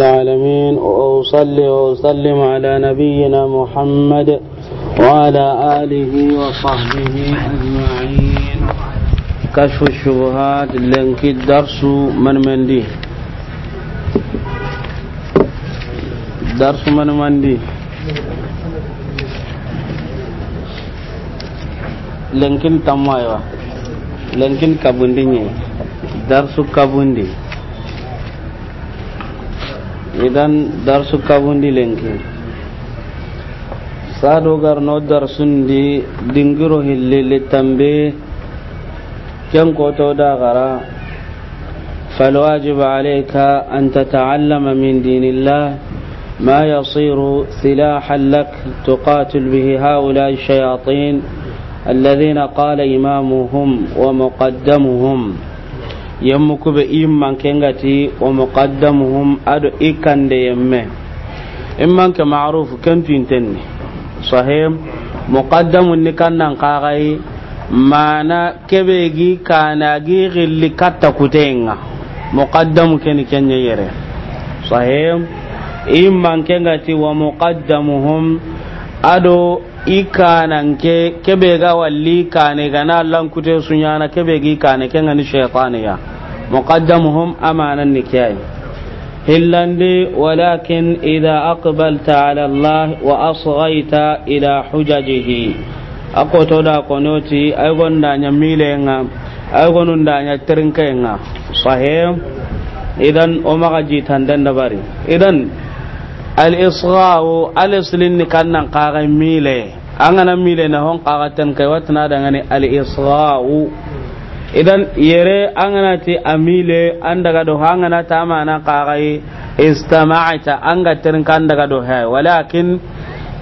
العالمين وأصلي وأسلم على نبينا محمد وعلى آله وصحبه أجمعين كشف الشبهات لنك الدرس من من دي درس من من دي lenkin tamayo lenkin kabundi ne darsu kabundi idan darsu kabundi lenki sado garno darsundi dingiro hillili tambe ken koto da gara فالواجب عليك أن تتعلم من دين الله ما يصير سلاحا لك تقاتل به هؤلاء الشياطين الذين قال إمامهم ومقدمهم yemmu kube imman kengati wa muqaddamuhum ado ikande yemme imman ke ma'ruf kan tintenni sahim muqaddamun ni nan qagai mana kebegi kanagi gilli katta kutenga muqaddamu ken kenya yere sahih imman kengati wa muqaddamuhum ado ikananke kebe ga walli kane gana lankute sunyana kebe gi kane ni shaytaniya muqaddamuhum amanan nikahi hillandi walakin idha aqbalta ala allah wa asghaita ila hujajihi akoto da konoti ay gonda nyamilenga ay gonunda nya trinkenga sahih idan o maga jitan dan dabari idan al isra'u al islin kannan qaga mile an mile na kai idan yere ti amile an daga do hangana ta mana qagai istama'ta an ga tirin kan daga do hay walakin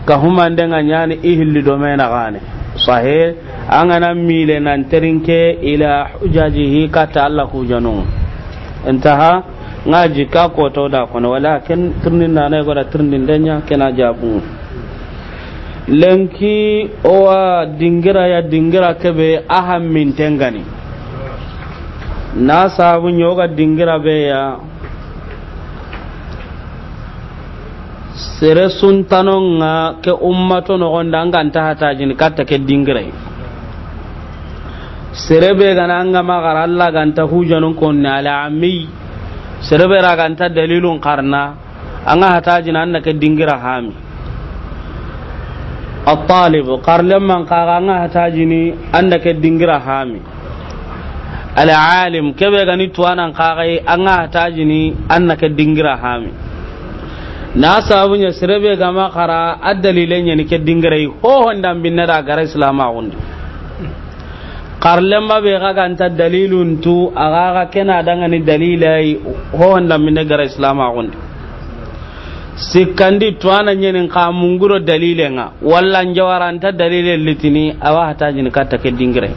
ka huma ndenga nyani ihli do mena gane sahe angana mile nan tirin ke ila hujajihi ka ta Allah ku janu intaha ngaji ka ko to da kono walakin tirnin nan ne gora tirnin denya kena jabu lenki owa dingira ya dingira kebe aham min tengani na sabu yoga dingira beya sere suntanonga ke ummato nogonda anga nta hatajini katta ke dingira sere be gana anga magara alla ganta hujanun konna ala ammi sere be ra ganta dalilun qarna anga hatajina anna ke dingira hami الطالب قال لما قال أنا هتاجني ke dingira هامي ala alim kebe gani tuwanan kakai an ga tajini an na ka dingira hami na sabu nya sirebe ga makara addalilen ya nike dingirai ho honda binna da gara islama gundi karlen ma be ga ganta dalilun tu aga ga kena danga ni dalilai ho honda binna gara islama gundi sikkandi tuwana nyenin ka munguro dalilenga walla njawaranta dalilen litini awa hatajini katta ke dingirai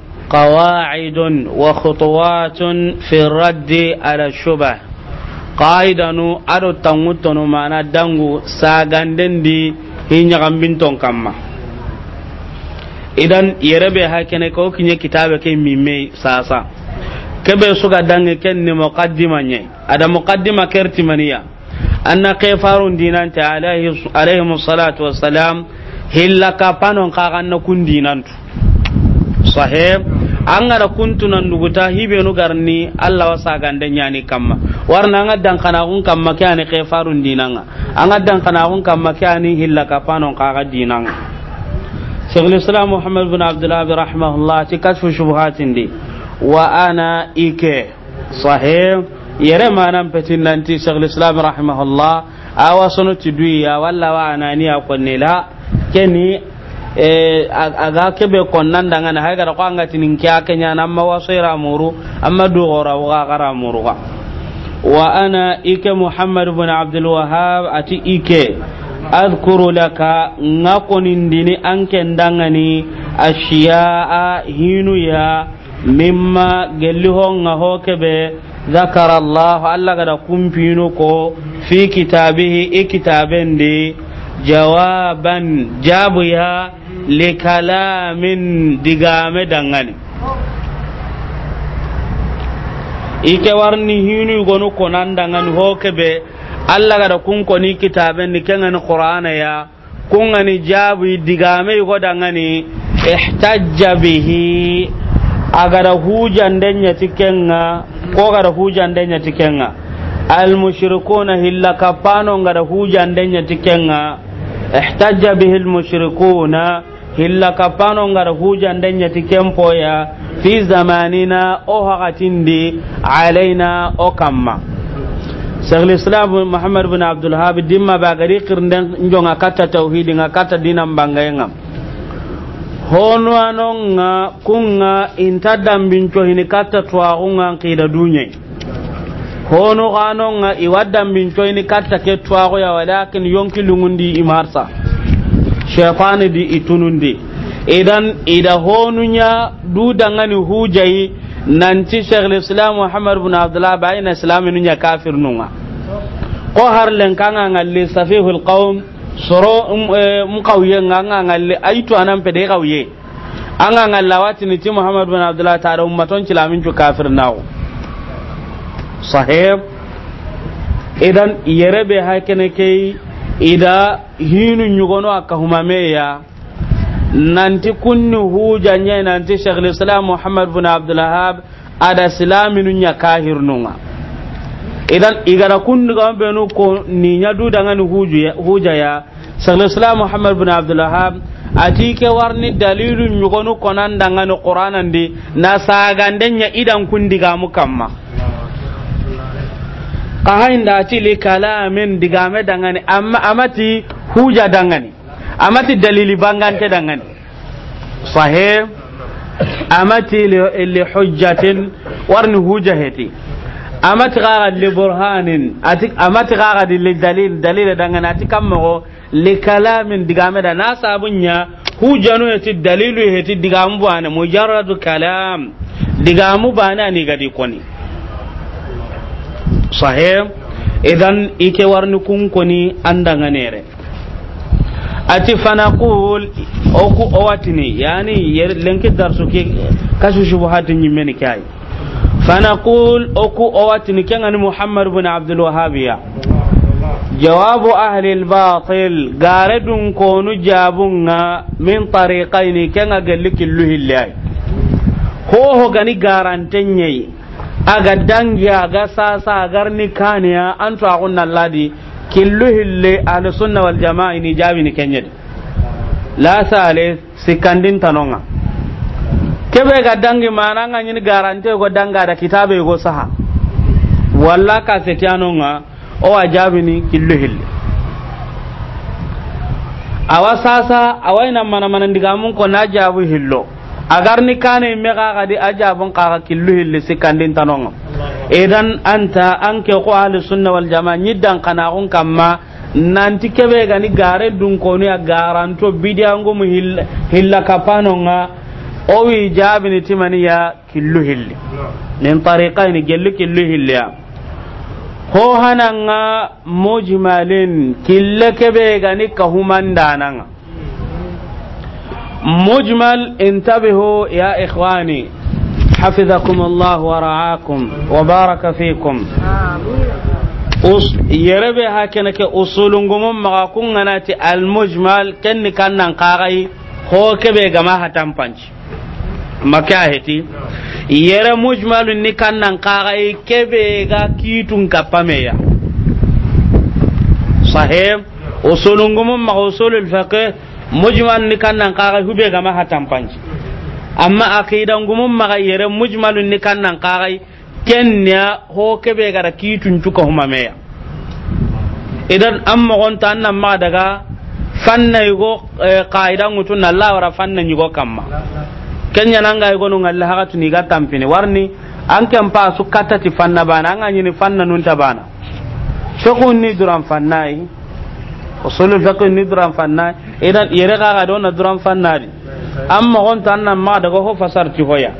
قواعد وخطوات في الرد على الشبه قاعدة أدو تنوتن معنا دنغو ساغندن دي هي بنتون كما idan yerebe hakene ko kinye kitabe ke mimme sasa kebe suga dange ken ni muqaddima nye ada muqaddima kerti maniya anna dinanta alaihi salatu wassalam hilla ka panon ka ganna kun dinantu sahib an gara kuntunan hibe hibenu garni Allah wa sagande nyani kamma warna nga dan kana kun kamma kyani kefarun dinanga anga dan kana kun kamma kyani hilla kafanon kaga dinanga Syekhul Islam Muhammad bin Abdullah bin rahimahullah ti kashfu shubhatin di wa ana ike sahib yere manan petin nanti Syekhul Islam rahimahullah awasunu ti duya walla wa ananiya konnila keni E, aga kebe konnan danga na haga da kwanga tinin kya kenya na amma wasaira muru amma dogora wa gara muru wa ana ike muhammad ibn abdul wahhab ati ike adkuru laka nga dini an kendanga ni ashiya'a hinu ya mimma gelli nga ho kebe zakara allah allah gada kumpinu ko fi kitabihi ikitabendi jawaban jabu ya li min digame dangani ike warni hinu gonu konan dangani hokebe Allah ga da kun koni kitaben ni kan ni qur'ana ya kun ani jabu digame go dangani ihtajja bihi agara hujan denya tikenga ko gara hujan denya tikenga al mushrikuna hilla kapano gara hujan denya tikenga ihtajja bihi al mushrikuna hilla kapano ngara hujande nyati ya fi zamanina o hagatindi alaina o kamma شيخ الاسلام محمد بن عبد الوهاب ديما باغري قرندن جونغا كاتا توحيد nga kata dinam bangayenga hono anonga kunga inta dambinco hini katta twaxunga nkida duñe hono xanonga iwa dambinco hini katta ke twaxoya walakin yonki lungundi imarsa shaytan di itunundi idan ida honunya du dangani hujayi ci shaykhul islam muhammad ibn abdullah bayin islam nun ya kafir nunga ko har len kanga ngalle safihul qaum soro um, eh, mu qawye nganga ngalle aitu anan pede qawye anga ngallawati ni ci muhammad ibn abdullah ta da ummaton cilamin ju kafir nawo sahib idan yarebe hakene kai ida hinu nyugono akahumameya nanti kunni hujanye nanti sheikh islam muhammad bin abdulwahab ada silaminu nya nunga idan igara kunni ga benu ko ni nya du daga ni ya sheikh islam muhammad bin abdulwahab ati ke warni dalilu nyugono konan daga ni qur'anan di na sagandenya idan kundi ga mukamma kahainda tili kalamin digame dangani amma amati huja dangani amati dalili bangante dangane sahih amati li hujjatin warni huja heti amati gaga li burhanin ati amati gaga li dalil dalil dangani ati kammo li kalamin digame da na sabunya hujanu heti dalilu heti digamu bana mujarradu kalam digamu bana ni gadi koni sahih idan ike warni kun kuni andanganere ati fanaqul oku owatini yani lenki darsu ke kasu shubuhatin nyimeni kai oku owatini kengani muhammad ibn abdul wahhabiya جواب أهل الباطل قارد كون جابونا من طريقين كان قال لك اللي هو هو غني aga dangi aga sasa agarni kaniya antu agunna ladi killu hille an sunna wal jamaa ni jabi ni kenyedi la sale sikandin tanonga kebe ga dangi mananga nyin garante go danga da kitabe go saha walla ka tanonga o ajabi ni killu hille awa sasa awaina mana mana ndigamun ko na jabu hillo agar ni kane me ga ga di ajabun ka ga killu hilli sikandin tanong idan anta ke ko ahli sunna wal jamaa nyiddan kana gon kamma nanti kebe ga ni gare dun ko ni bidi bidiyango mu hilla kapanonga o wi jabini timaniya killu hilli nin ni gelli killu hilli ya ho hananga mujmalin kille kebe ga ni kahumandana مجمل انتبهوا يا إخواني حفظكم الله ورعاكم وبارك فيكم yerebe ha kene ke usulun gumun maka kun gana ti mujmal ni nan kaga hube ga ma hatan amma aqidan gumun maga yere mujmal ni nan kaga kenya ho kebe tun kitun cuka huma meya idan an magonta an nan ma daga fanna yugo mutun eh, na Allah wara fanna yugo kamma kenya nan ga yugo nun Allah ha tuni ga tampini warni an kan pa su katati fanna bana an anyi ni fanna nun ta bana shokun ni duran fannai usul fiqh ni duran fanna idan yere ga ga dona duran fanna di amma gon tan nan ma daga ho fasar ti hoya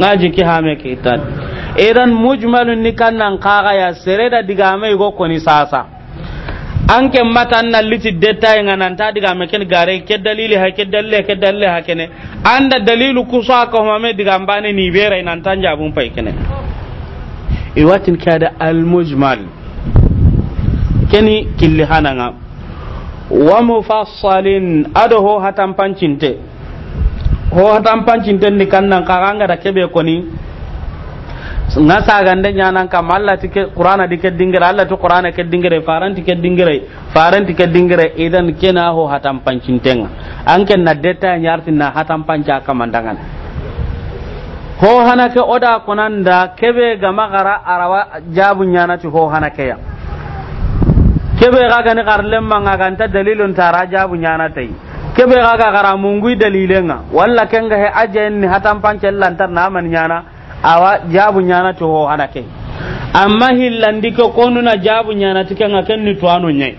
ngaji ki ha me ki tan idan mujmalun ni kan nan ka ga ya sere da diga me go ko ni sasa an ke mata na liti deta nga nan ta diga me ken gare ke dalili ha ke dalle ke dalle ha kene anda dalilu sa ko ma me diga mbane ni bere nan tan jabun pai kene iwatin kada al mujmal keni killi hananga wa mufassalin ado ho hatan pancinte ho hatan pancinte ni kannan karanga da kebe koni nga gande nyanan ka malla tike qur'ana di keddingere alla to qur'ana keddingere faranti keddingere faranti keddingere idan kena ho hatan pancintenga anke na deta nyarti na hatan panca kamandangan ho hanake oda konanda kebe gamagara arawa jabu ñanati ho hanake ya kebe ga gani karlen manga ta dalilun tara jabu nyana tai kebe ga ga gara mungui dalilenga walla kenga he aje ni hatam pancel lantar na man nyana awa jabu nyana to ho anake. amma hillandi ko na jabu nyana tikanga kenni to anu nyai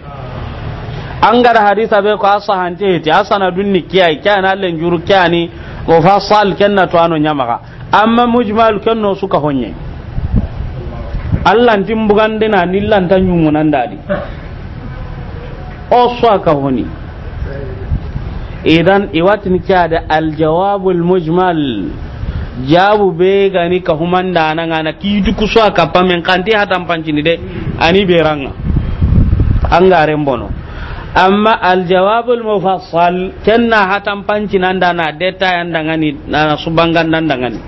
an gara hadisa be ko asa hante ti asana dunni kiyai kana len juru kyani ko fasal kenna to anu nyamaga amma mujmal kenno suka honye Allah tin bugandina nillan tan yumunanda osu aka huni idan iwatin kya da aljawabul mujmal jabu be gani ka human da nan ana ki duku so aka pamen kanti hatan pancini de ani ranga an garen bono amma aljawabul mufassal kenna hatan nan da na deta yan dangani na subangan nan dangani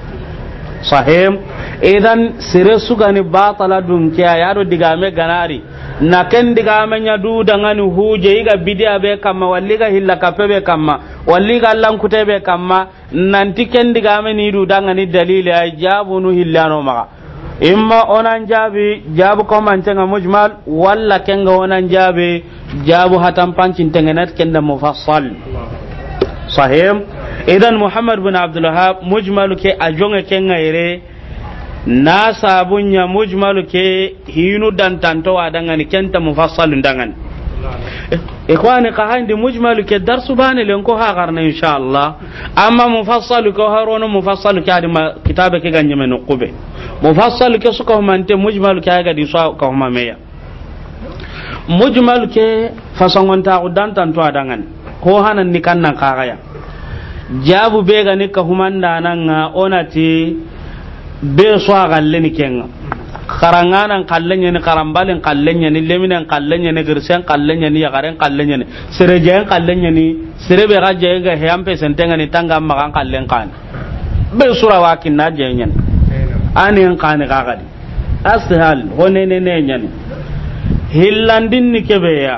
sahim idan sire su sugani batala dum kiya diga me ganari na ken diga me nya du da ngani huje iga bidia be kama walli ga hilla kape be kama walli ga kute be kama nanti ken diga me ni du da ngani dalili ay jabu jabunu hillano ma imma onan jabi jabu ko man tanga mujmal walla ken ga onan jabu jaabi jaabu hatan ken da mufassal sahim idan muhammad bin abdulwahab mujmalu ke ajonga ken ngaire na sabunya mujmalu ke hinu dan tantowa dangane kenta mufassalun dangane ikhwani ka handi mujmalu ke darsu bani len ko ha garna insha Allah amma mufassalu ko harono mufassalu ke adi kitabe ke ganye no qube mufassalu ke suka humante mujmalu ke ga di so ka huma meya mujmalu ke fasangon ta dan tanto to adangan ko hanan ni kannan ya. jabu be ga ni ka humanda nan onati be so a galle kenga karanganan kallenya ni karambalen kallenya ni leminen kallenya ni girsen kallenya ni yagaren kallenya ni serejen kallenya ni serebe ga jega heyam pe sentenga ni tanga makan kallen kan be sura wa kinna jenyen ani en kan ga gadi ashal hone ne ne nyen hillandin ni kebe ya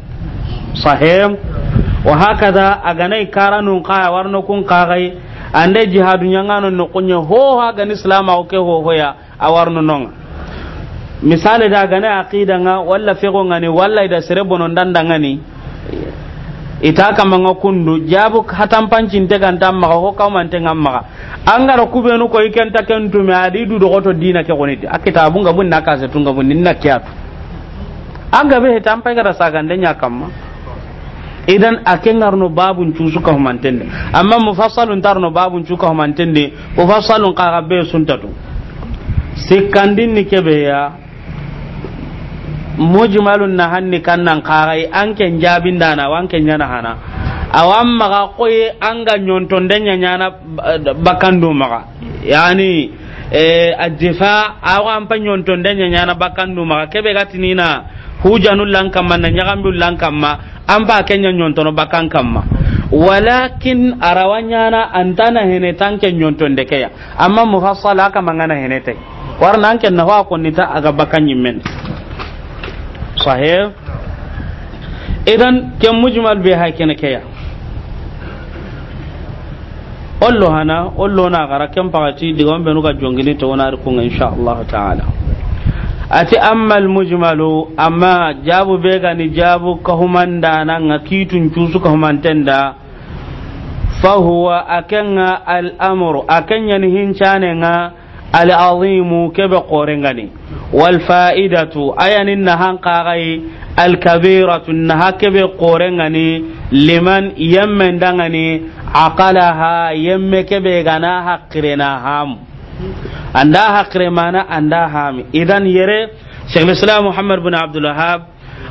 sahim wa hakada aganai karanun kaya warno kun kagai ande jihadu nyangano no kunyo ho ha gan islam o ke ho hoya awarno non misale da gane aqida nga walla fiqo ngani walla da sere bonon dandanga ni ita ka nga kundu jabu hatan pancin te ganta tamma ko ka man te ngamma angara kubenu ko iken ta ken tumi adi du dogoto dina ke koniti akita bunga bunna ka se tunga bunni nakya anga be hatan pa gara sagande nya kamma idan a aken garno babun cu ka humantende amma mufassalun tarno babun ka humantende mufassalun ka gabe suntatu sikandin ni kebe ya mujmalun na hanni kannan karai an ken jabin dana wan ken yana hana awan maga koye an ga nyonton nya nyana bakandu maga yani eh ajifa awam pa nyonton nya nyana bakandu maga kebe gatinina hujanu lan kamma na nyagambi lan kamma an ba kenya nyontono bakan kamma walakin arawanya na antana hene tanke nyonton de kaya amma mufassala ka mangana hene war nan ken na wa ko nita aga bakan yimmen sahib idan ken mujmal be hakene kaya ollo hana ollo na gara ken pagati diga on be nuka jongini to wona ko insha Allah ta'ala ati ammal mujmalu amma jabu bega gani jabu kahumanda nanga kitun cusu kahumantenda fahuwa akenga al'amuru akenya ni hincane nga al'azimu kebe gani wal fa'idatu ayanin na hankagai alkabiratu na hakebe gani liman yammen dangani aqalaha yamme kebe gana hakkirena hamu anda hakre mana anda hami idan yere sheikh islam muhammad bin abdul Wahab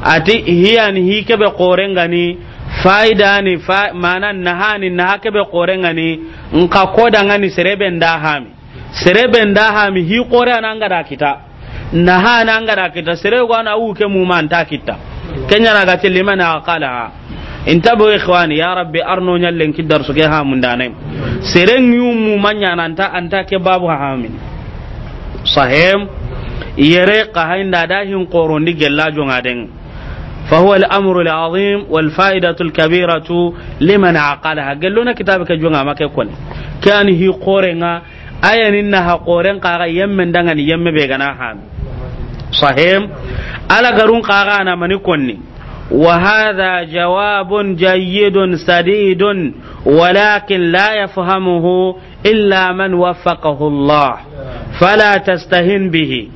ati hiyan hi kebe qorengani faida ni fa mana nahani na kebe qorengani nka koda ngani serebe nda hami serebe nda hami hi kore ananga da kita naha na da kita serebe wana uke mu man ta kita kenya na ga liman aqala intabo ikhwani ya rabbi arno nyallen ki darsu ke hamun dane sereng nyumu manyana anta anta ke babu hamin sahem yere qahin da dahin qoron di gellajo ngaden fa huwa al amr al azim wal faidatu al kabira liman aqalaha gelluna kitab ke jonga make kon kan hi qorenga ayanin na ha qoren qaga yemmen dangan yemme be gana sahem ala garun qaga na mani konni وهذا جواب جيد سديد ولكن لا يفهمه إلا من وفقه الله فلا تستهن به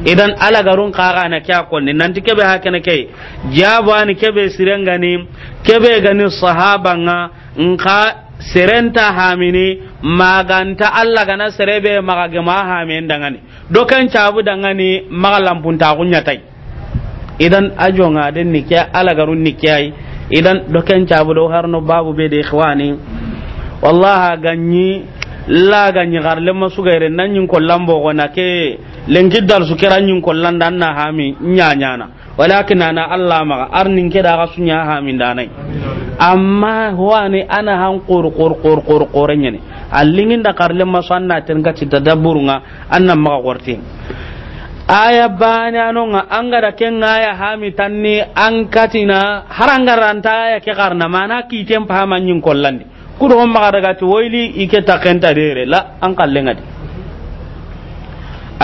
idan ala garun kaga na kya konni nan ti kebe haka na kai jaba ni kebe siren gani kebe gani sahaban nka serenta hamini maganta Allah gana serebe maga gama hamin dangane dokan cabu dangane maga lampunta kunya tai idan ajo nga den ni kya ala garun ni idan doken cabu do harno babu be de ikhwani wallaha ganyi la ganyi le masu gaire nan yin kollan bo gona ke len giddal su kiran yin kollan dan na hami nyanya na walakin ana Allah ma arnin ke da gasu nya hami danai amma huwani ana han qur qur qur qur qur ne allingin da karle masu anna tin ga ci da nga annan ma qorti aya bana no nga angara ken ya hami tanni ankatina harangaranta ya ke karna mana ki tem pahama nyin kollandi kudo on daga woyli ike kenta dere la an kallenga di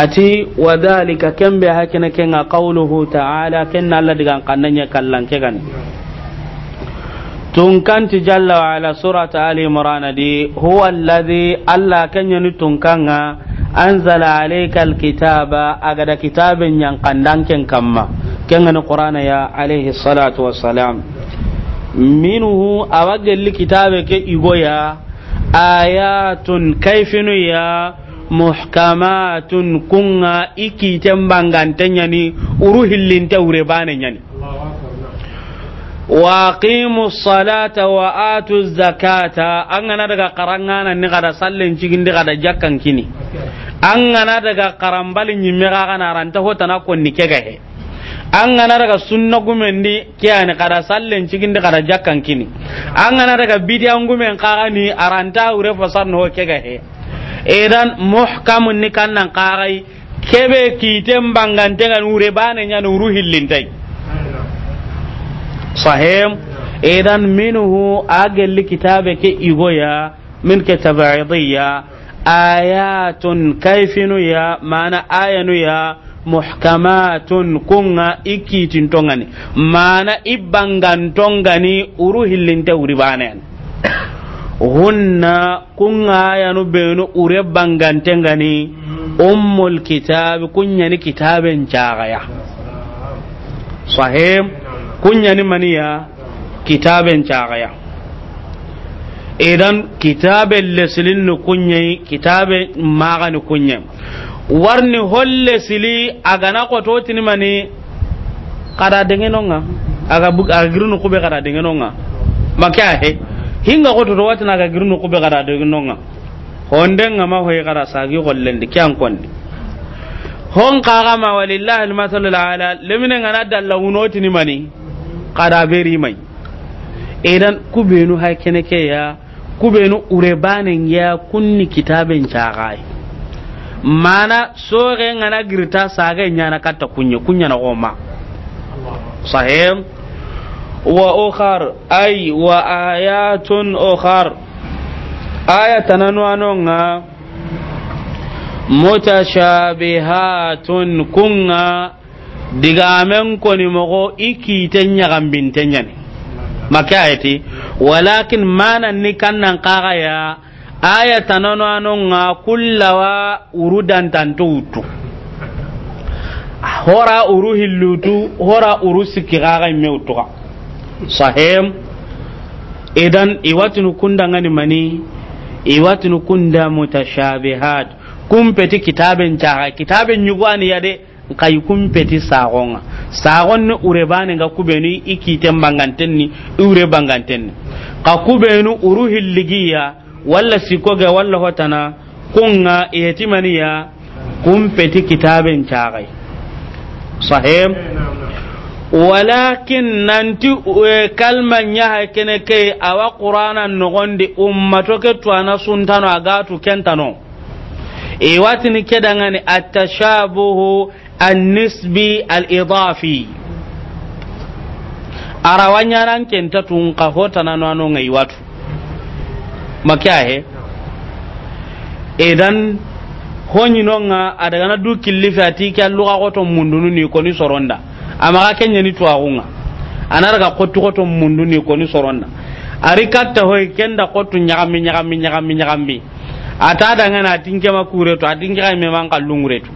ati wadhalika kembe hakina ken qawluhu ta'ala ken Allah diga kannanya kallan ke gan tunkanti jalla wa ala surata ali imran di huwa alladhi alla kanya ni tunkanga anzala alayka alkitaba agada kitabin yang kandang ken kamma ken ni qur'ana ya alayhi salatu wassalam minhu awagelli kitabe ke igoya ayatun kaifinu ya muhkamatun kunga ikiten bangantenya ni uruhillin tawre bane nyani waqimu salata wa atu zakata an gana daga karangana ni kada sallin cikin di kada jakkan kini an gana daga karambalin yimme ga kana ranta hota na konni ke gahe an gana daga sunna gumen di kiyani kada sallin cikin di kada jakkan kini an gana daga bidiyan gumen kagani aranta ure fasar no ke gahe idan muhkamun ni kannan kagai kebe kitin bangantengan ure bane nyana uru hillintai sahim idan minhu agelli kitabe ke igoya min ke tabidiyya ayatun kaifinu ya mana ayanu ya muhkamatun kunga ikitin tongani mana ibangan tongani uru hillinte uri banen hunna kunga ayanu benu ure bangantengani ummul kitabi kunyani kitaben cagaya sahim kunya ni maniya kitaben cagaya idan kitaben leslin nu kunya kitaben maga magani kunya warni holle sili agana ni mani kada dengen nga aga bu aga girnu kube kada dengen nga makya he hinga ko kototo watina aga girnu kube kada dengen nga dengenonga nga ma hoye kada sagi gollendi kyan kondi hon kaga ma walillahi almathalu ala lemine ngana dalla ni mani kada beri mai idan kubenu ha kene ke ya kubenu urebanin ya kunni kitaben chagai mana sore ngana girta saga nyana katta kunya kunya na goma sahem wa ukhar ay wa ayatun ukhar ayatan anwanonga mutashabihatun kunga diga amen koni mogo ikiten ñagambinten ñani make ayeti walakin mana ni kannan ya aya tananoanonga kullawa urudan tantutu hora uru lutu hora uru sikki xaxa imme sahem idan iwatinu ni mani iwatinu kunda mutashabihat kun peti kitaben caxa kitaben ñugoani ya kai kun peti sagon ne urebane ga kubeni ikiten bangantenni ure bangantenni ka kubenu uru hilligiya walla sikoga walla hotana kunga yetimaniya peti kitaben cagai sahim walakin nanti e, kalman ya kene ke awa qur'ana nogondi ummato ke tuana suntano agatu kentano e watini kedangani atashabuhu النسبي الإضافي أروانيا نانكين تتون قهوتنا نانو غيواتو مكاهي إذن hoñinonga adagana du killife ati ke alluga xoton mundunu ni koni soronda amaxa keñeni twaxunga anaraga xotti xoton mundu ni koni soronda ari katta hoy kenda xottu ñaxambi ñaxambi ñaxambi ñaxambi ata dangana atin kema kuretu atin kexameman kallunguretu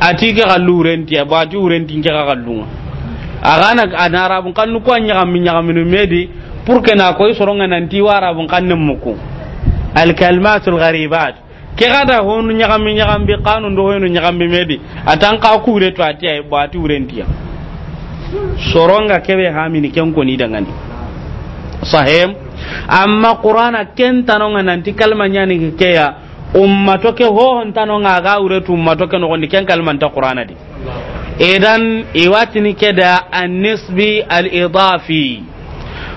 ati ke kallu urenti abati urenti ke kallu agana anarabun kallu ko anya kam minya kam medi pour que na koy soronga nanti kan nem muku al kalmatul gharibat ke gada honu nya kam minya kam bi qanun do honu nya bi medi atan ka ku re to ati ay bati urenti soronga kebe min ken ko ni dangani sahem amma qur'ana ken tanonga nanti kalmanya ni ya. ummato ke hohontano nga ga uretu ummato ke nogondi ken kalmanta qur'ana di idan iwatini keda annisbi al-idafi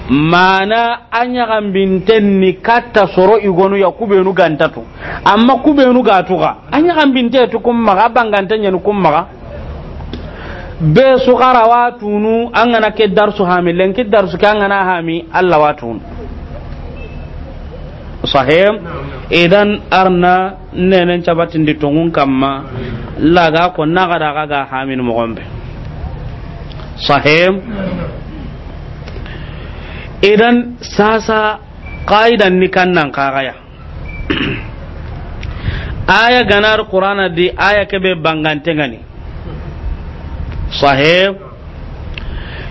mana an ɲagambinten ni katta soro igonu ya kubeenu gantatu amma kubenu gatuga an ɲagambinte tu kun a bangante ɲani kun maga be sugara wa an ke darsu haami lenki darsu ke an gana hami allah sahim idan arna nenen cabatin di tungun kamma laga ko nagara ga hamin mogombe sahim idan sasa qaidan ni kannan kagaya aya ganar qur'ana di aya kebe bangante ngani sahim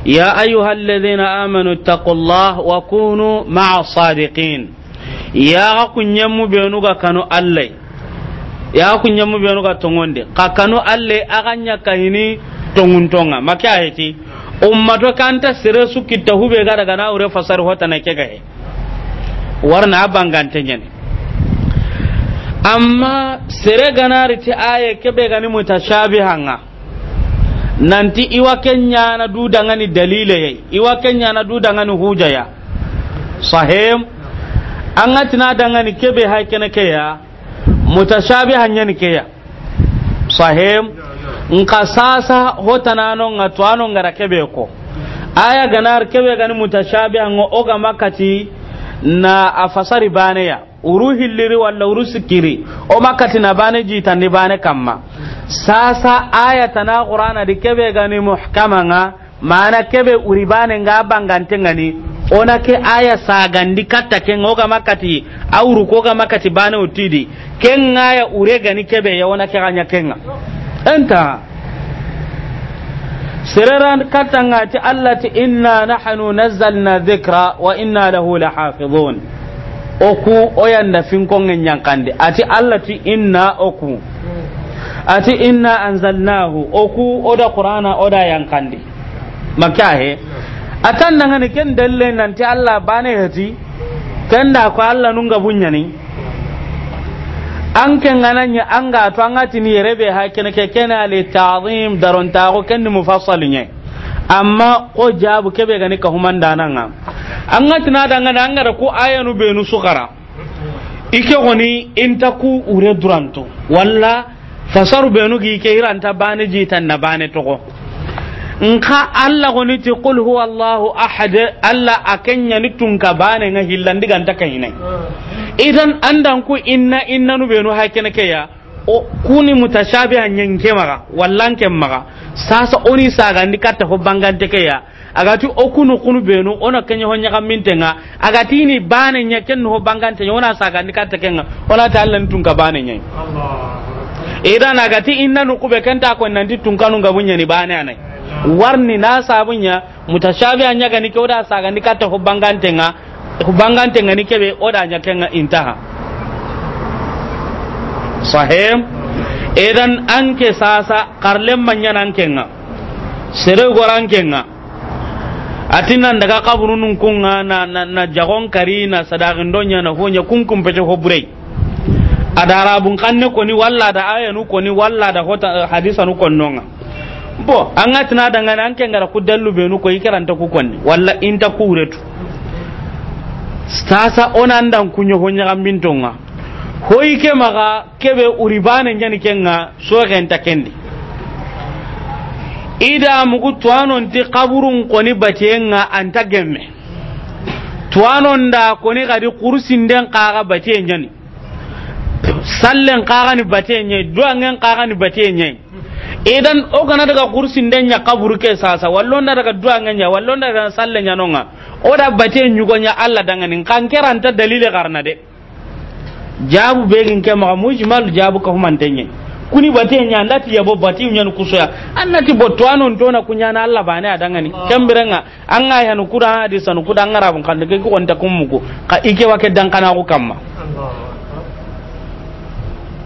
يا أيها الذين آمنوا اتقوا الله وكونوا مع الصادقين ya kunyen mu benu ga kanu allai ya kunyen mu benu ga tongonde ka kanu allai aganya kahini tongun tonga makya heti ummato kanta sire su kitta hube ga daga naure fasar hota na ke gahe warna bangante nyane amma sire ganari ti aye kebe gani mutashabihanga nanti iwa kenya na dudangani dalile yai iwa kenya na dudangani hujaya sahim an ga tina dangani kebe haike ke ya mutashabi hanya ni ke ya sahim in ka sasa hotana no nga tuano ngara kebe ko aya ganar kebe gani mutashabi an o ga makati na afasari bane ya uruhi liri walla urusi kiri o makati na bane jitandi bane kamma sasa aya tana qur'ana di kebe gani muhkama nga mana kebe uribane nga bangante ngani ona ke aya sagandi katta ken oga makati au ko ga makati bana utidi ken ngaya ure gani kebe ya ona ke ganya kenga enta siraran katta ngati allati inna nahnu nazzalna dhikra wa inna lahu lahafizun oku oyanda finkon nyankande ati allati inna oku ati inna anzalnahu oku oda qur'ana oda yankande makka a atan nan ngani ken dalle nan ti Allah bane hati ken da ko Allah nun ga bunya ni an ken ganan ya an ga an ati ni rebe ha ken ke ken ali ta'zim daron ta ko ken amma ko jabu ga gani ka human danan an ati na danga an ga ko ayanu be nu sukara ike goni ku ure duranto walla fasaru benu gi ke iranta bane jitan na bani togo nka Allah ko ti qul huwa allah ahad Allah akenya ni ka bane nga hillandi ganta nai hmm. idan andan ku inna inna nu benu hakene ke ya kuni mutashabiha nyanke maga wallanke maga sasa oni saga ndi katta ho bangante ke ya agati okunu kunu benu ona kenya ho nyaka mintenga agati ni bane nyaken ho bangante ona saga ndi katta kenga ona ta allan ka bane nyai allah idan agati inna nu kube kenta ko nanti tunkanu ngabunye ni bane anai warni na sabunya mutashabi anya gani ke oda saga ni kata hubangantenga hubangantenga ni kebe oda anya kenga intaha sahem idan anke sasa karlem manya nan kenga sere goran kenga atinan daga kaburunun kunga na na, na jagon kari na sadagin donya na honya kunkum pete hobrei adara bun kanne koni walla da ayanu koni walla da eh, hadisa nu konnonga bo an ga da ngana an ke ngara ku dallu benu ko ikiran ta ku konni walla in ta ku retu sasa onan dan kunyo honya gambin tonga hoyi ke maga kebe uribane nyani kenga so ta kendi ida mugu tuwanon ti kaburun koni batenga anta gemme tuwanon da koni kadi kursin den kaga baten ni sallen kaga ni baten nyai duangen kaga ni baten ni idan o gana daga kursi nden ya kaburu ke sasa wallo nda daga dua nganya wallo nda daga salle nya nonga o da bate nyugo nya alla daga nin kan keran ta dalile garna de jabu begin ke ma mujmal jabu ka huma ntenye kuni bate nya ndati ya bo bati nya nku soya annati botu anu ntona kunya na alla bane adanga ni kembirenga anga ya nu kura hadi sanu kuda ngara bun kan ke ko nta kummuko ka ike wake dankana ku kamma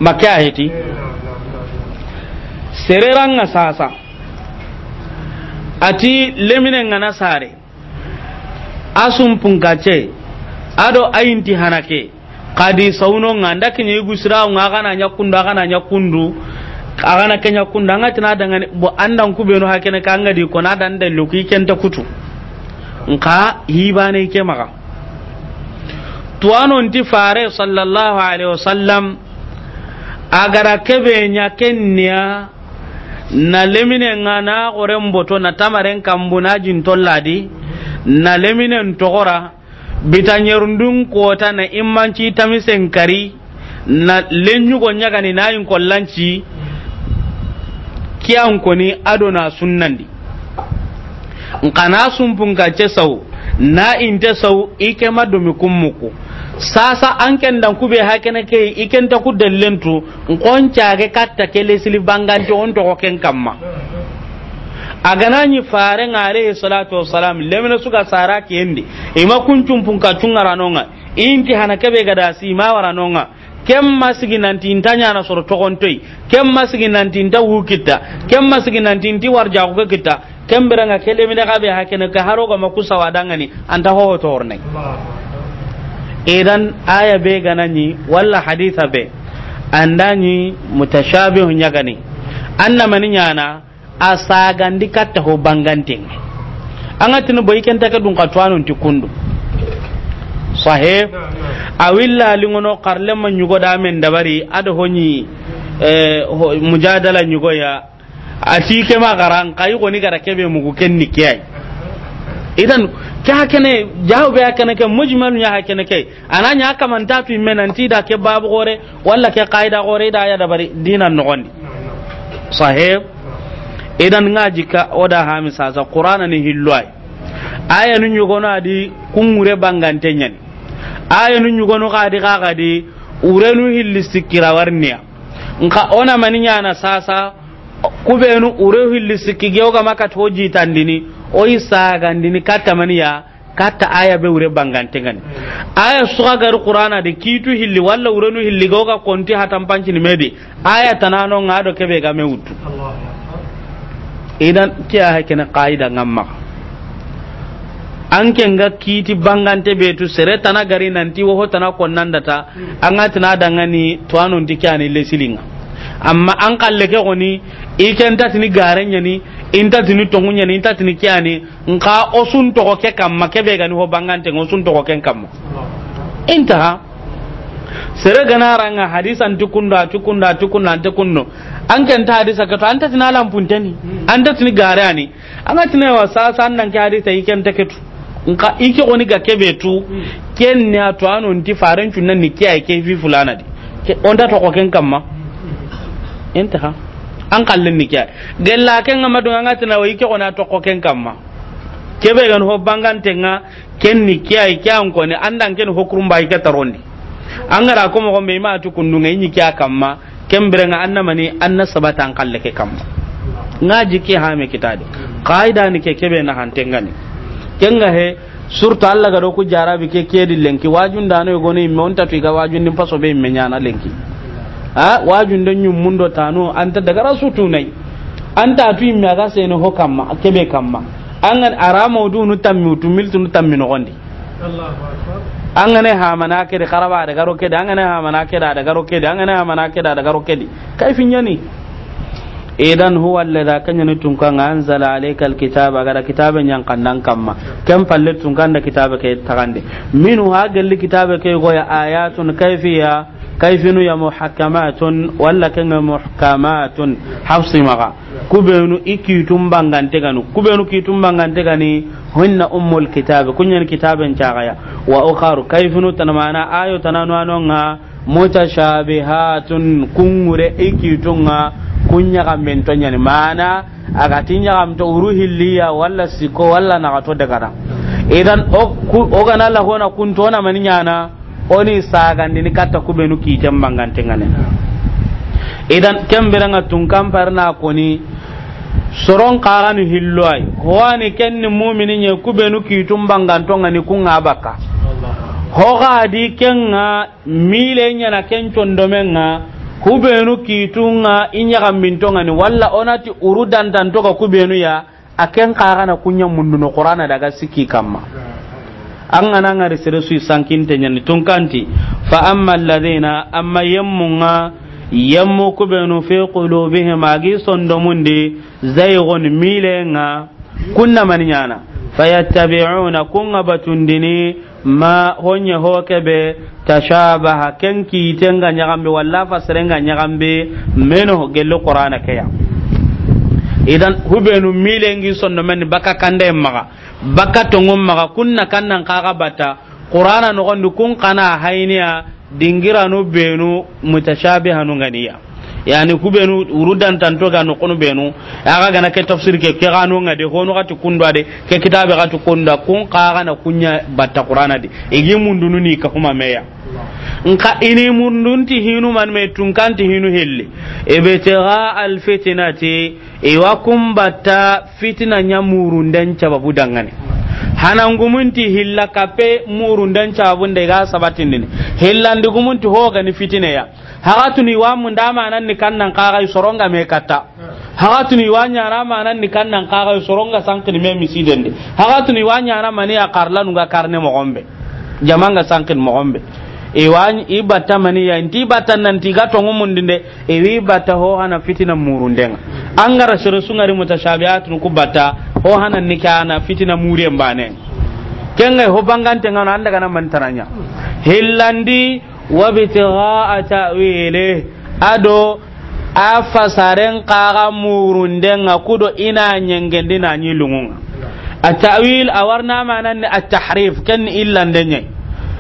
makya heti yeah. sereranga sasa ati lemine ngana sare asum punkace ado ayinti hanake kadi sauno nga ndakinye igusira nga kana nyakundu akana nyakundu agana kenya kunda tina na dangane bo andan ku beno hakene ka ngadi ko na dan da loki kenta kutu nka hibane ke maka tuwano nti fare sallallahu alaihi wasallam agara kebe nya kenya na lemine nga na goren boto na tamaren kambu na jin ladi na leminen togora bitanyerundun kota na immanci tamisen kari na lenyugo nyagani na yin kwallanci kiyan ado na sunnandi nkana sumpun ce sau na inta sau ike madumi muku sasa an ken dan kube hakene ke iken ta ku dellentu nkon caage katta le sili bangante on to ken kamma agana ni fare ngare salatu wassalam lemne suka sara kendi ima kuncum punka tungaranonga inti hana kebe gada ma waranonga kem masigi nanti inta na soro toy kem masigi nanti inta wu kita kem masigi nanti inti warja ko kita kem beranga kele mi daga be hakene ka haro ga makusa wadanga ni anta ho torne idan aya be ganani walla haditha be andani mutashabihu nyagani anna mani nyana asagandi katta ho banganting anga tinu boy kenta ka dun ka tikundu sahe awilla lingono karle man yugo da men dabari ado honyi eh mujadala yugo ya ati ke ma garan kai goni gara ke be mugu kenni kiyai idan ka kene jaw be kene ke mujmal nya kene ke ananya ka man ta fi men anti da ke babu gore walla ke qaida gore da ya dabari dinan no gondi sahe idan ngaji ka oda ha za qur'ana ni hilwai aya nu nyugono adi kungure bangante nyani aya nu nyugono kadi kagadi urenu hilli sikira warniya nka ona mani na sasa kubenu ure hilli sikki gewga makat hoji tandini oyi sagandini mani ya katta aya be ure bangante ngani aya suka gar qur'ana de kitu hilli walla nu hilli ka konti hatan ni medi aya tanano ngado kebe ga mewutu idan kiya hakina qaida ngamma an kenga kiti bangante betu sere tana gari nanti wo tana konnan data hmm. an ga tana dangani to anun dikani lesilinga amma an kalle ke goni iken tatini garenya ni inta tini tongunya ni inta tini kiani nka osun to ke kamma ke be gani ho bangante osun to ke kamma inta sere gana ranga hadisan tukunda tukunda tukunda tukunno an kan ta hadisa ka to an ta tini alampun tani hmm. an ta tini gare ani an ta tini wa sasa an nan ke hadisa iken ta ketu nka ike oni ga kebe tu hmm. ken ne ato ano nti faran cunan ni kiyaye ke fi fulana di onda to ko ken kamma enta ha an kallin ni kiyaye gella ken ngama do nga tana wi ke ona to ko ken kamma kebe gan ho bangan tenga ken ni ke an ko ne andan ken hokrum bai ke tarondi an gara ko mo me ma to kundunga ni kiya kamma ken birenga annamani anna sabata an kalle ke kamma ngaji ke ha me kitade qaida ni ke kebe na hantengani kenga he surtout allah ga do jara bi ke kedi lenki wajun da no goni me on tatu ga wajun din paso be me nyana lenki ha wajun da nyum mundo tano anta daga rasutu nai anta tu me ga se no hokamma ma kebe kamma ma angan aramo du nu tammi tu miltu nu tammi no gondi allahu akbar angane ha manake ke de karaba daga roke da angane ha manake da daga roke da angane ha manake da daga roke di kai finyani idan huwa alladha kanyani tunkan anzala alayka alkitaba gara kitaben yan kannan kamma kan falle tunkan da kitaba ke tagandi minu ha galli kitaba ke goya ayatun kayfiya kayfinu ya muhakkamatun walla kan muhkamatun hafsi maga kubenu ikitum bangante ganu kubenu kitum bangante gani hunna ummul kitab kunyan kitaben cagaya wa ukharu kayfinu tanmana ayo anwanonga mutashabihatun kungure ikitunga kunya kan mento nyani mana aga tinya kam to uru hilliya walla siko wala na to daga da idan o kana la hona kun to na mani nyana oni sagandi ni katta kubenu ki jambangante ngane idan kembiranga tun kamparna koni soron karanu hilloai howani kenni mumini nye kubenu kitum bangantonga ni kunga baka hoga di kenga mile nyana ken condomenga kubenu kitunga ni wala onati uru dantantoga kubenu ya aken ken kagana kunya no qur'ana daga siki kama an gana risere su sankinte nyani tun kanti fa amma alladhina amma yammunga yammu kubenu fi qulubihim agi sondomundi zaygon milenga kunna maninyana fayattabi'una kunga batundini ma honye hoke be tashabaha ken kiite nga ñagambe walla fasere nga ñagambe meno gelle qur'ana keya idan hubenu mile ngi sonno men baka kande maga baka tongum maga kunna kannan kaga bata qur'ana no gondu kun kana hayniya dingira no benu mutashabihanu ganiya yani kubenu urudan tanto ga no kunu benu aga gana ke tafsir ke ke gano ngade hono gatu kundwa de ke kitabe gatu kunda kun ka na kunya batta qur'ana de igi mundunu ni ka kuma meya nka ini mundunti hinu man me tunkanti hinu helle ibtigha al fitnati iwa kum batta fitna nyamurun dan cababu dangane hanangumunti hilla kape murun dan cabun da ga sabatin ne hillandugumunti hoga ni fitine ya hagatuni wa mun da manan ni kannan kaga soronga me katta hagatuni wa nyana manan ni kannan kaga soronga sankini me misidende hagatuni wa nyana mani ya karlanu ga karne mo gombe jamanga sankin mo gombe e wa ibata mani ya inti bata nan ti ga tongu mundinde e wi bata ho hana fitina murundenga angara sere sungari mutashabihatun ku bata ho hana nikana fitina murien bane kenga ho bangante ngana anda kana mantaranya hillandi wa bitigaa ta'wile ado a fasaren kaga murunde nga kudo ina nyengendi na nyi lungunga at-ta'wil awarna manan ni a tahrif kan illan denye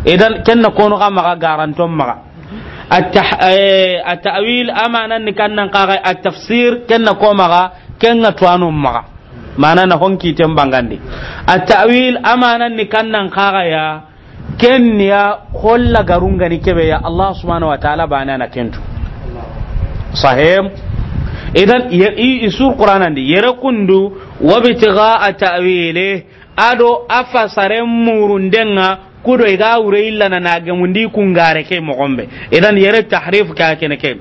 idan kan na kono ga maga garanton maga at-ta'wil amanan ni kan na kaga a tafsir kan na ko maga kan na tuano maga mana na honki tembangandi at-ta'wil amanan ni kan na kaga ya kenya holla garungani kebe ya allah subhanahu wa ta'ala bana na kentu sahim idan isur qur'anan di yere kundu wabtiga a ta'wile ado afasaren murundenga kudo iga wure illa na nage mundi kungare ke mogombe idan yere tahrif ka kene ke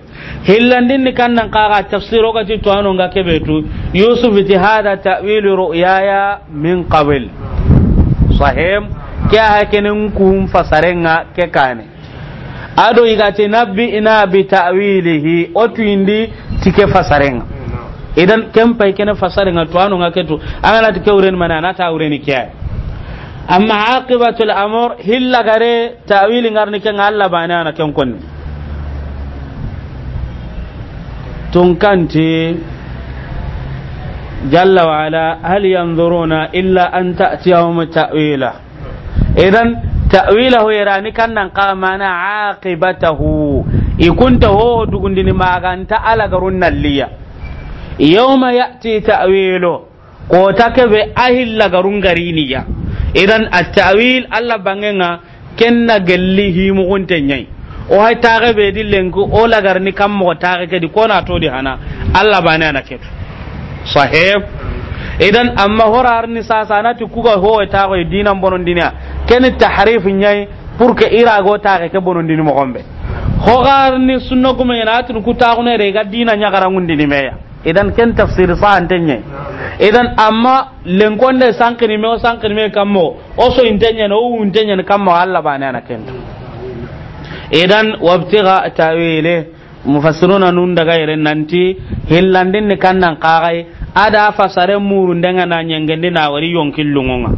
hillandin ni kannan qara tafsiro ga ti tuano ga ke betu yusuf ti hada ru'yaya min qabl sahim ke ha kenen kun fasarenga ke kane ado igate nabbi ina bi ta'wilihi otu indi tike fasarenga idan ken pai kene fasarenga to anu ngake to angana tike uren mana na ta wurin ke amma aqibatul amr hilla gare ta'wili ngarni ken Allah bana na ken konni tun kanti jalla wa ala hal yanzuruna illa an ta'tiyahum ta'wila idan kan na kannan qamana aqibatahu ikunta ho dugundini maganta ala garun nalliya yauma ya'ti ta'wilu ko takebe ahilla garun gariniya idan at-ta'wil alla bangenga kenna gelli himugunte nyai o hay taxe ɓe di lenki o lagarni kam moxo taxe kedi kona todi hana allah baani ana ketu sahib idan amma horar ni sasanati kuga ho ta go dinan bonon dinya ken tahrif nyai pour que ira go Horaarni ke bonon dini mo gombe horar ni sunna kuma yana tun ku ta go ne re ga dinan nya garangun dini meya idan ken tafsir sa antenye idan amma lenkonde sankini me o sankini me kammo oso intenye no untenye kammo alla bana na kenta idan wabtiga tawile mufassiruna nun daga yeren nanti hillandin ne kannan kagai ada fasaren murun daga na nyangande na wari yonkin lungunga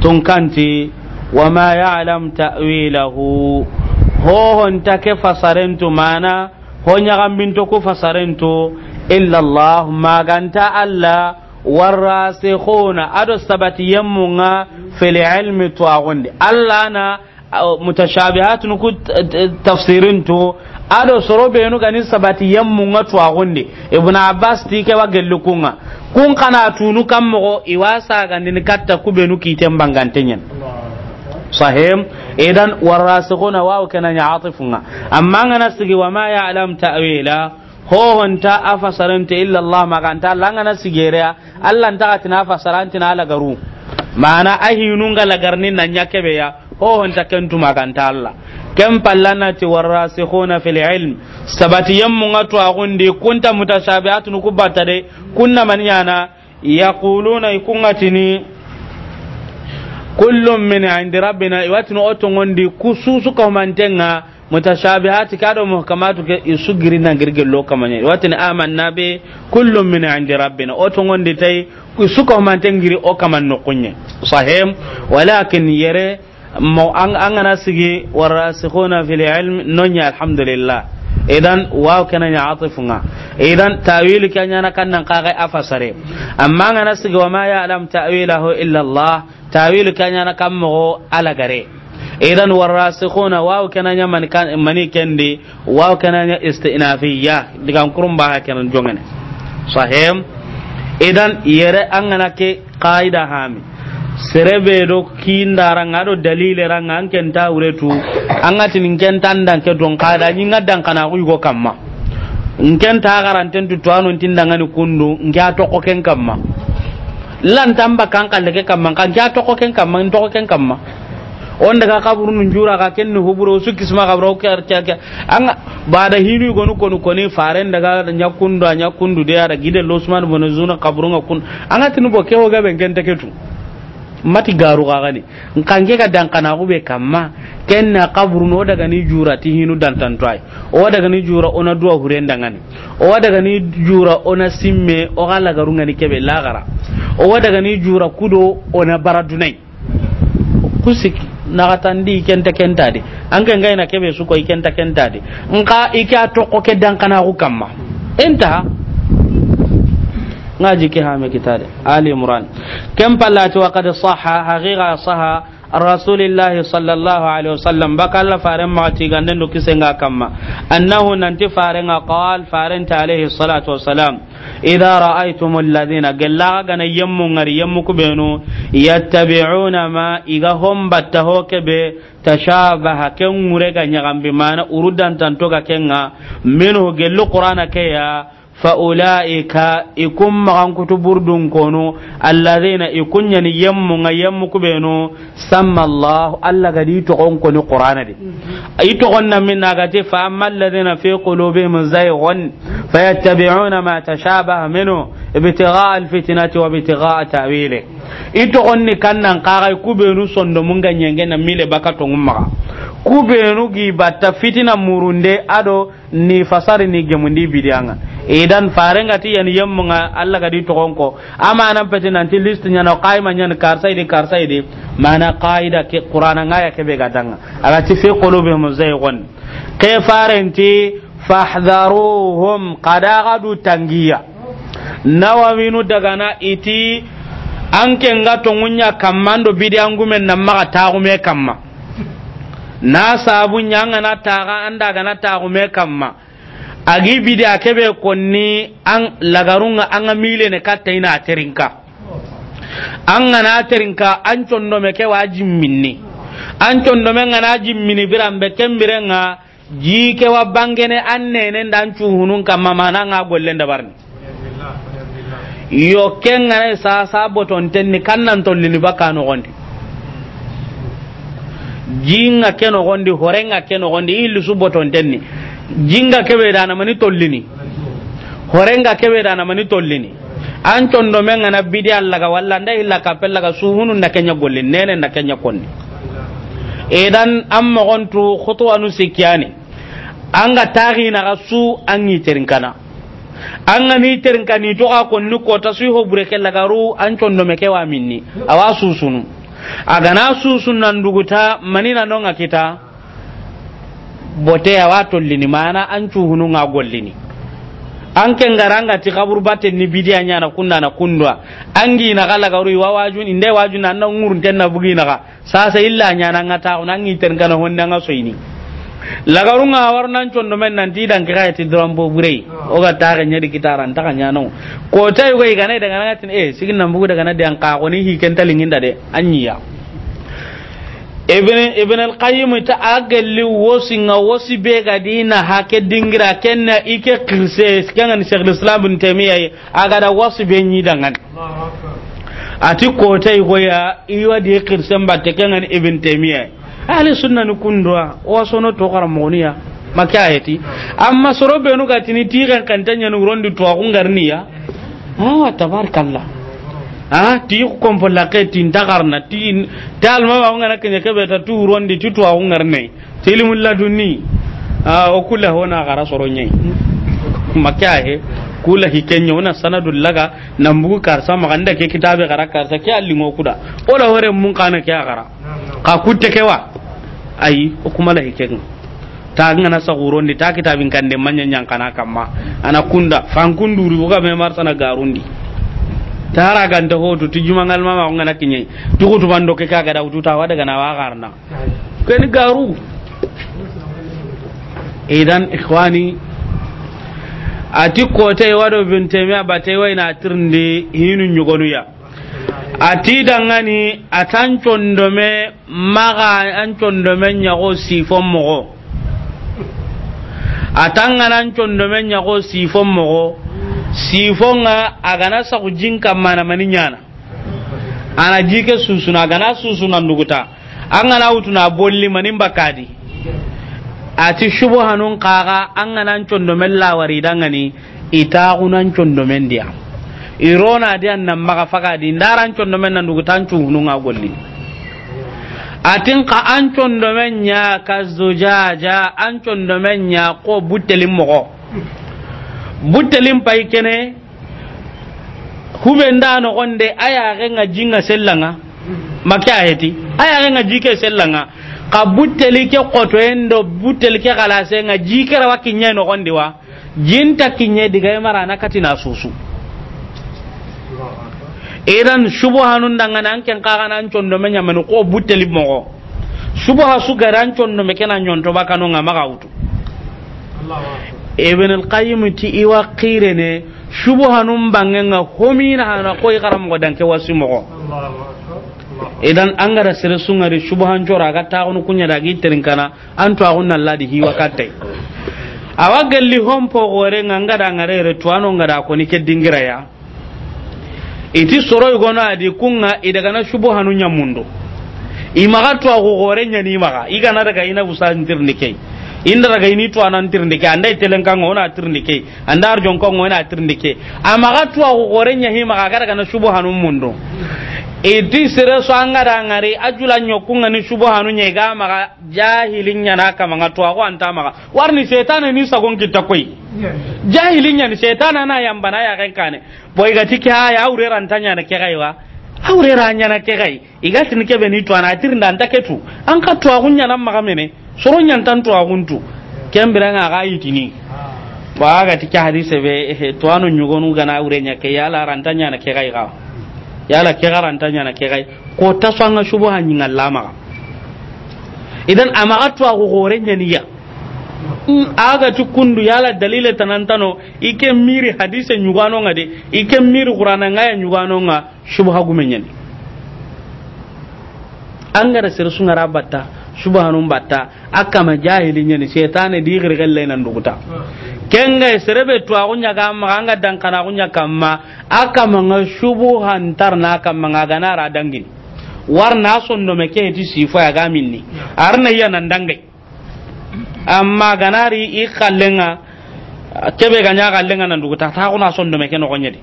tun kanti wa ma ya'lam ta'wilahu ho hon fasaren tu mana ho nyagambinto ku tu. illa allah maganta allah warasikhuna ado sabati yammunga fil ilmi tuagundi allah na mutashabihatun ku tafsirin to ado soro be nu ganin sabati yammu nga a agunde ibnu abbas ti ke wa gellu kunga kun kana tunu kam mo iwasa ganin katta ku be nu kitem bangantenyen sahim idan warasikhuna wa kana ya atifunga amma ngana sigi wa ma ya'lam ta'wila hohonta a fasaranta illa Allah maganta langana sigereya Allah ta katina fasaranta na lagaru ma'ana ahinun ga lagarnin nan ya kebe ya ho honta kentuma kanta allah pallana ti warasikhuna fil ilm sabati yammu ngatu agundi kunta mutashabihatun kubbata de kunna man yana yaquluna ikungatini kullum min indi rabbina iwatino otongondi kususu ka mantenga mutashabihati kado muhkamatu ke isu girina girgel lo kamanya iwatini amanna be kullum min indi rabbina otongondi tay isu mantengiri o kaman nokunya sahem walakin yere mo an an gana sigi warasikhuna fil ilm nonya alhamdulillah idan wa kana ya atifunga idan tawil ka na kannan kai afasare amma ana sigi wa ma ya alam ta'wilahu illa allah tawil kanya na mo ala gare idan warasikhuna wa kana ya man kan mani kendi wa kana ya istinafiyya digan kurum ba hakan jongane sahem idan yere an ana ke qaida hami sere ɓeeɗo kindaranga ɗo dalile ranga an kenta wure tu angatinin kentan danke ton kada ñinga dankana kuyugo kamma nkenta garanten tuttu anontindangani kundu nke a toko ken kamma lantan bakkan kalleke kamma ka nke a toko ken kamma n toko ken kamma on daga kaburunu njura ka kenni huburo su kisma kabura o kyar kyar kyar an bada hinu go nu konu koni faren daga nyakundu a nyakundu de ara gide losman bono zuna kaburunga kun an atinu bo kewo gabe ngente ketu mati garu ga gani kange ga dan kana go be kamma kenna qabru no daga ni jura ti hinu dan tantwai o daga ni jura ona duwa huren gani o daga ni jura ona simme o gala garu ngani kebe lagara o daga ni jura kudo ona baradunai kusiki naxatandi ikenta kentadi anke ngayna keɓe suko ikenta kentadi nka ike a toqo ke dankanaaxu kamma enta ngaji ke ha me kitade ali imran kem pallati wa qad sahha haqiqa sahha rasulillahi sallallahu alaihi wasallam bakalla faren ma tiganden do kisenga kamma annahu nanti faren qal faren ta alaihi salatu wasalam idza ra'aytum alladhina galla gana yammu ngari yemmu kubenu yattabi'una ma iga homba tahoke be tashabaha ken ngure ga nyagambi mana urudan tantoga kenga minhu gelu qur'ana ya fa'ula'ika ikun makan kutu burdun kono allazina ikun yani yammu nga yammu kubeno samma Allah Allah ga di to kon kono qur'ana de ay to kon nan min naga te fa amma allazina fi ta zayghun fayattabi'una ma tashabaha minhu ibtigha'a alfitnati wa ibtigha'a ta'wili ito onni kannan kaga kubenu sondo mun ga nyenge na mile bakato ngumma kubenu gi fitina murunde ado ni fasari ni gemundi bidianga idan farengati yani yemmunga allah gadi togonko ama nan nan ti list ñano qaima ñani karsaidi karsaidi mana qaida ke qur'ana ngaya gadanga ala ti fi qulubi ke farenti fahdharuhum gadu tangiya daga na iti anke nga tongunya kamando bidi angumen na maga tagume kamma na sabu nyanga na taga anda gana me kamma agi bidi kebe konni an lagarunga an ga mile ne katta ina terinka an ga na terinka an condo me ke wajin minni an condo me ga na jimmini biran be ga ji ke wa bangene an ne ne dan cuhunun kamma mana ga gollen da barni yo ken ga ne sa sa boton tenni kannan tollini baka no gondi jinga keno gondi horenga keno gondi ilu su boton tenni jinga kebe da na mani tollini horenga kebe da na mani tollini an condo men ngana bidi Allah ga walla nda illa kapella ga suhunun na kenya gollin nene na kenya konni idan an magontu khutwa nu sikiyani an ga tari na ga su an yi terinkana an ga ni terinkani to ga konni ko ta su ho bure kella ga ru an condo me kewa minni awa susunu aga na susun nan duguta manina non akita bote yawa tollini mana an cuhunu nga gollini an ken garanga ti kabur baten ni bidiya nyana kunna na kundwa angi na kala garu wa wajun inde wajun nan ngurun ten na bugi na ka sasa illa nyana nga ta unan ngi ten kana honna nga soini lagaru nga war nan chondo men nan ti dan kira ti drum bo bure o ga ta ga nyadi kitaran ta ga nyano ko tayo ga ga ne daga eh, na tin eh sigin nan bugu daga na dan ka ko ni hi ken talingin da de anyiya ibn ibn al-qayyim ta agalli wosi nga wosi be ga dina hake dingira kenna ike kirse kan shaykh al-islam ibn taymiya aga da wosi be nyi dangan ati ko tay goya iwa de kirse mbatte ni ibn taymiya ahli sunna ni kundwa no to garamoniya makayati amma soro be no gatini tigan kantanya no rondu to akungarniya awa tabarakallah a ti ko kompo la ke tin na tin dal ma wa ngana kenya ke beta tu rondi ti tu wa ngarne tilimul laduni a o kula hona gara soro nyi makya he kula ken na sanadul laga na sa ma ganda ke kitabe gara sa ke allingo kuda ola hore mun kana ke gara ka kutte kewa ayi o kuma la hikenyo ta ngana sa gurondi ta kitabin kande manyan nyankana kama ana kunda fankunduru buga me marsana garundi tara ganta hotu ti jumangal mama ko ngana kinye tu ko tuban do ke kaga da utu ta wada gana wa garna ken garu idan ikhwani ati ko te wado bin temiya ba te wai na tirnde hinu nyugonu ya ati dangani atan condome maga an condome nyago sifon mogo atanganan condome nyago sifon mogo sifonga agana sagu jin kammana mani nyana ana jike susuna agana susuna nduguta an gana wutuna bolli mani mbakadi ati hanun kaga an ganan condomen lawari dangani itagunan condomen diya irona diyan nan maka fakadi ndara nchondo nan nduguta cuhununga golli atin ka an condomen ya ka zujaja an condomen ya ko buttelin mogo buttelin pai kene hube nda no gonde aya renga jinga sellanga maka ayeti aya renga jike sellanga ka butteli ke qoto endo butteli ke kala senga jike rawa kinye no gonde wa jinta kinye diga mara na katina susu idan shubuhanun dangana an ken kaga nan condo menya men ko butteli mogo shubuha su garan condo me kenan nyonto bakano ngama kautu ibn al-qayyim ti iwa qirene shubuhanum bangenga homina hana koy garam go danke wasimo idan an gara sire sungari shubuhan jora ga ta kunu kunya da gitirin kana an to agun Allah di hiwa katai awa galli hompo gore nganga da ngare re tuano ngada ko ni kedingira ya iti soro igona adi kunga idaga na shubuhanu nyamundo imaga to agu gore nyani maga igana daga ina busa ni kai indara ga ini tuwa nan tirndike anda itelen kan ona tirndike anda arjon kan ona tirndike amma ga tuwa ko goren yahi ma ga daga na mundu. mundo iti sere so an gada ngari ajula nyokku ngani subhanu nye ga ma jahilin nya na kama ga tuwa ko anta ma warni shaytan ni sagon kitta koi jahilin nya ni shaytan na yamba na ya kan kane boy ga tiki ya aure rantanya na ke gaiwa aure ranya na ke gai igatin ke be ni tuwa na anta ketu an ka tuwa kunya nan ma mene soron yan tantu a guntu biran nga ga yitini ba ah. ga tiki hadise be he to anu nyugonu gana ure nya ke yala rantanya na ke gai ga yala ke garantanya na ke gai ko ta sanga shubuha nyin allama idan ama atu a gore nya niya in hmm, aga tukundu yala dalila tanantano ike miri hadise nyugano nga de ike miri qur'ana nga ya nyugano nga shubuha gumenyen angara sirsu ngara batta subhanum batta ma jahili ni setan di girgelle nan duguta kenga serebe to agunya gamma anga dankana agunya kamma akama nga shubuhan na akama nga ganara dangin warna sonno meke ti sifa ya gaminni arna ya nan dangai amma ganari i kallenga kebe ganya kallenga nan duguta ta kuna sonno meke no gonyedi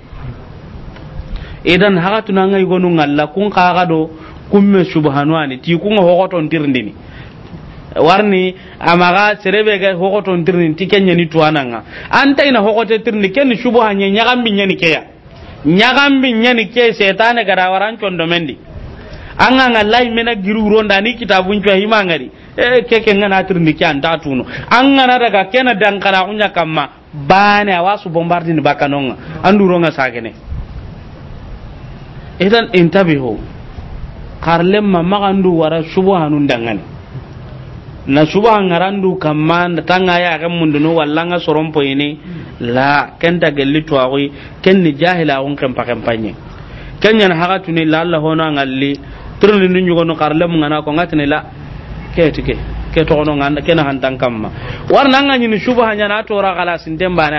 idan haka tunanga igonu ngalla kun kaga do kumme subhanwani ti kunga hokoton tirndini warni amaga serebe ga hokoton tirndini ti kenya ni tuwananga anta ina hokote tirndi kenni subha nya nyagambi nyani keya nyagambi nyani ke setane gara waran condo mendi anga ngalai mena giru ronda ni kitabun cwa himangari e keke ngana tirndi kyan tatuno anga na daga kena dankara kunya kamma bane awasu bombardini bakanonga anduronga sakene idan intabihu karlen ma magandu wara subhanun dangane na subhan ngarandu kamma tanga ya ga munduno wallanga soron poyini la kenta gelli to ken ni jahila on kan pakampanye kenyan haga tuni la Allah hono ngalli turni nun yugo no karle ngana ko ngatne la ke ke to ken han tan kamma ni to ra kala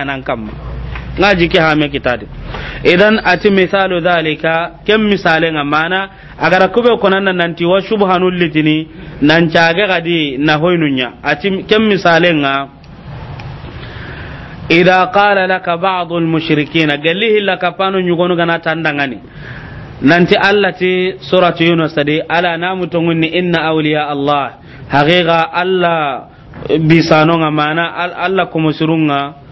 nan kamma nga jiki hame kitadi idan ati misalu dhalika kem misale nga mana agara kube nan nanti wa shubhanul litini nan caage gadi na hoynunya ati kem misale nga idha qala laka ba'd al mushrikeena gallihi laka panu nyugonu gana tandangani nanti allah ti suratu yunus tadi ala namu tongunni inna awliya allah haqiqa allah eh, bisanonga mana allah kumusirunga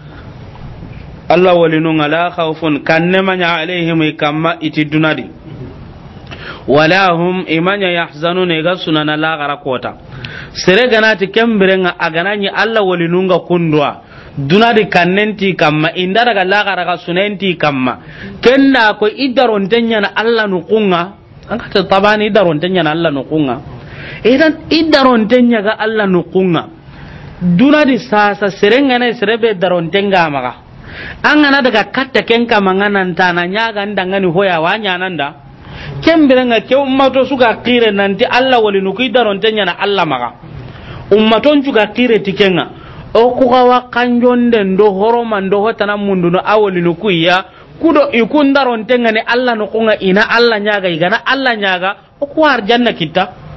allah wali walinunga la khawfun kan kannemanya alayhim kamma iti dunadi wala hum imanya yahzanu ne iga sunana la gara kota sere gana ti kembere nga agana agananyi allah wali walinunga kundwa dunadi kan nenti kamma inda daga la gara ga sunenti kamma kenna ko idaron na allah nu nukunga an ka ta tabani idaron na allah nu nukunga idan idaron tenya ga allah nu nukunga dunadi sasa sere ngana sere be daron tenga maga an gana daga katta ken kamanga nan ta na nyaga ndangani hoya wa nyananda kembere nga ke ummato suka kire ti Allah wali nuki daron tenya na Allah maka. ummaton suka kire ga o ga wa kanjon den do horoma ndo hotana mundu no awali nuki ya kudo ikun daron tenga ne Allah no kunga ina Allah nyaga igana Allah nyaga o ku janna kita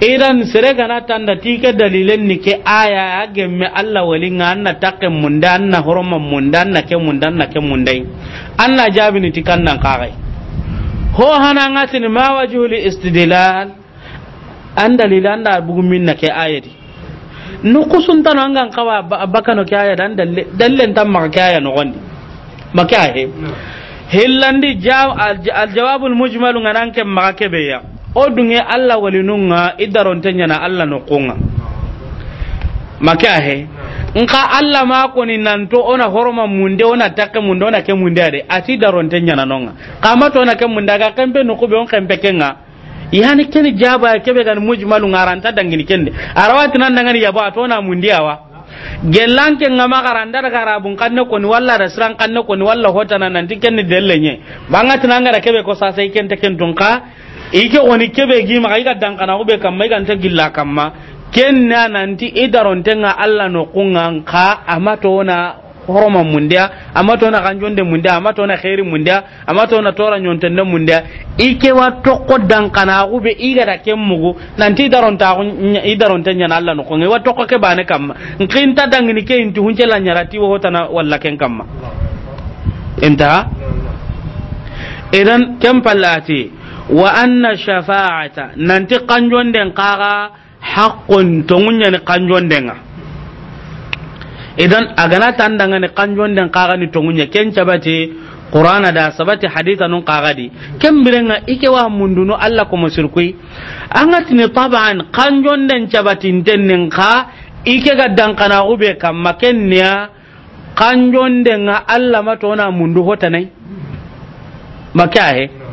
idan sere gana tanda tike dalilen ni ke aya ya gemme Allah wali nga anna takke munda anna horoma munda anna ke munda anna ke munda anna jabi ni tikannan kagai ho hana ngatin ma wajhul istidlal an dalilan anda bugu minna ke ayati nu kusun tan an gan kawa bakano ke aya dan dallen tan maka ke aya no gondi maka he hillandi jawab al jawabul nga nganan ke maka ke beya o dunge allah walinunga i daronte ñana allah noqunga nka allah ma koni nanto ona horoma munde ona takke munde ona ke munde ade ati daronte ñananonga kamato ona ke munde aga kempe nukuɓe on kempe kenga yani keni jaba kebe gan mujmalu ngaranta dangini kende arawati nan dangani yabo atona awa gelanke ngama garanda daga rabun kanne ko ni walla da siran kanne ko ni walla hotana nan tikenni delle nye banga tinanga da kebe ko sasa ikente kentun ka ike woni kebe gi ma ga dankana ko be kamma ga ta gilla kamma kenna nanti idaron tenga alla no kungan ka amato na horoma mundia amato na kanjonde mundia amato na khairi mundia amato na tora nyontende mundia ike wa tokko dankana ko be iga da mugu, nanti idaron ta idaron tenya na alla no kungan wa tokko ke bane kamma nkinta dangini ke intu hunje la nyarati wo hotana walla ken kamma inta idan kam pallati wa anna shafa'ata nanti kanjon den kaga haqqun tongunya ni kanjon denga idan agana tandanga ni kanjon den kaga ni tongunya ken cabati qur'ana da sabati haditha nun kaga di ken birenga ike wa munduno alla ko musirkui angati ni taban kanjon den cabati tenen ka ike ga dankana ube kamma niya kanjon denga alla matona mundu hotanai makaye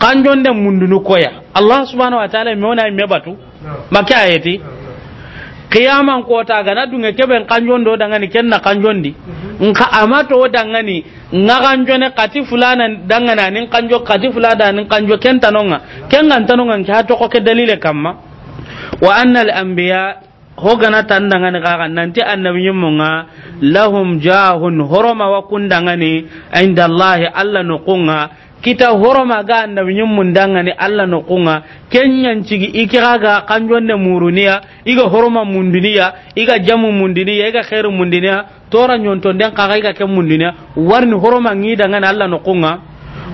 kanjon da mundunu koya allah subhanahu wa ta'ala me wona me batu maka ayeti qiyaman kota na dunga ben kanjon do dangani kenna kanjon di mhm. nka amato dangani nga kanjone kati fulana dangana nin kanjo kati fulada nin kanjo tanonga ken ngan tanonga ke hato ko ke dalile kamma wa anna al anbiya ho gana tan dangani kaka nanti annabiyin munga lahum jahun horoma wa kun dangani inda allah alla nukunga kita horoma ga annabinyin mundangani allah no kunga kenyan cigi ikira ga kanjonde muruniya iga horoma mundiniya iga jamu mundiniya iga khairu mundiniya tora nyonton den ka ga ken mundiniya warni horoma ngi dangani allah no kunga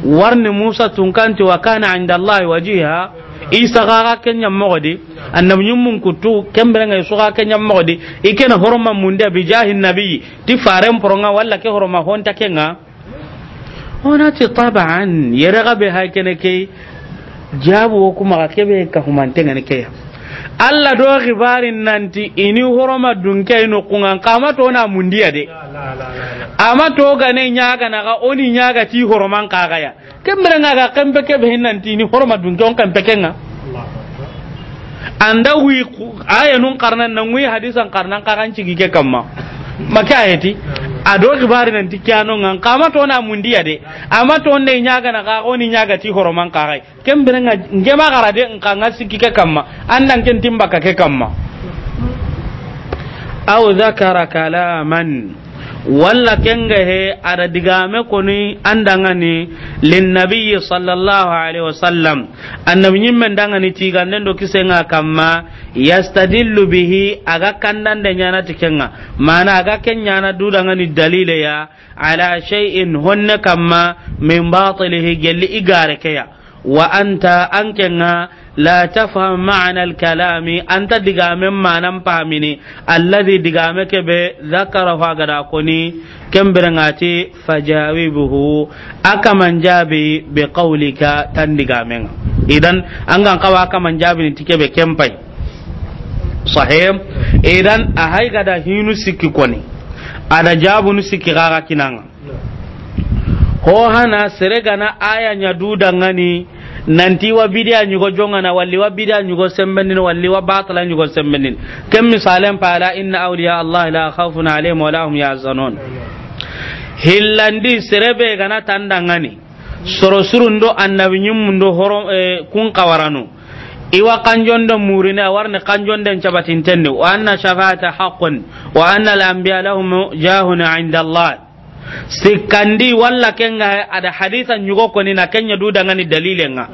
warni musa tunkanti wa kana inda allah wajiha isa ga kenyan mogodi annam mun kutu kembere ngai suga kenyan mogodi ikena horoma mundia bijahi nabi ti faren poronga walla ke horoma honta kenga honati taban yere ga be hakene ke jabu ko ma ke be ka humante ngane ke Allah do gibarin nanti ini horoma dunke no kungan kama to na mundiya de amma to ga ne nyaga na ga oni nyaga ti horoman ga ya kemre nga ga kembe ke be nanti ni horoma dunke on kan kembe kenga anda wi aya nun karnan nan wi hadisan karnan ka kagan cigi ke kamma maka ayati ado kibari nan tikiyano ngan kama to na mundi ya de amma to ne nyaga na ka ni nyaga ti horoman ka kai kem nga ngema gara de nga nga siki ke kamma andan ken timba ka ke kala kalaman walla kenga he ara digame koni lin linnabiyi sallallahu alaihi wasallam annabi nyimmen ni tiga nendo kisenga kamma yastadillu bihi aga de nyana tikenga mana aga kenyana ni dalile ya ala shay'in honne kamma min batilihi gelli igare keya wa anta an kenga la tafham ma'na al-kalami anta digame manan pamini alladhi digame ke be zakara fa gada koni kembere ngati fajawibuhu aka manjabi bi tan digame idan kawa aka manjabi ni tike be kempai idan a gada hinu sikki koni ada jabu hana sere gana aya nya duda ngani nanti wa bidia nyugo jongana walli wa bidia nyugo sembenin walli wa batala nyugo sembenin kam misalen pala inna awliya allah la khawfun alaihim wa lahum yahzanun hillandi serebe gana tandangani soro surundo annabi nyumundo horo eh, kun kawarano iwa kanjondo murine awarne kanjondo cabatintende wa anna shafaata haqqun wa anna al-anbiya lahum jahun inda allah sikandi walla kenga ada haditha nyugo koni na kenya du dangani nga.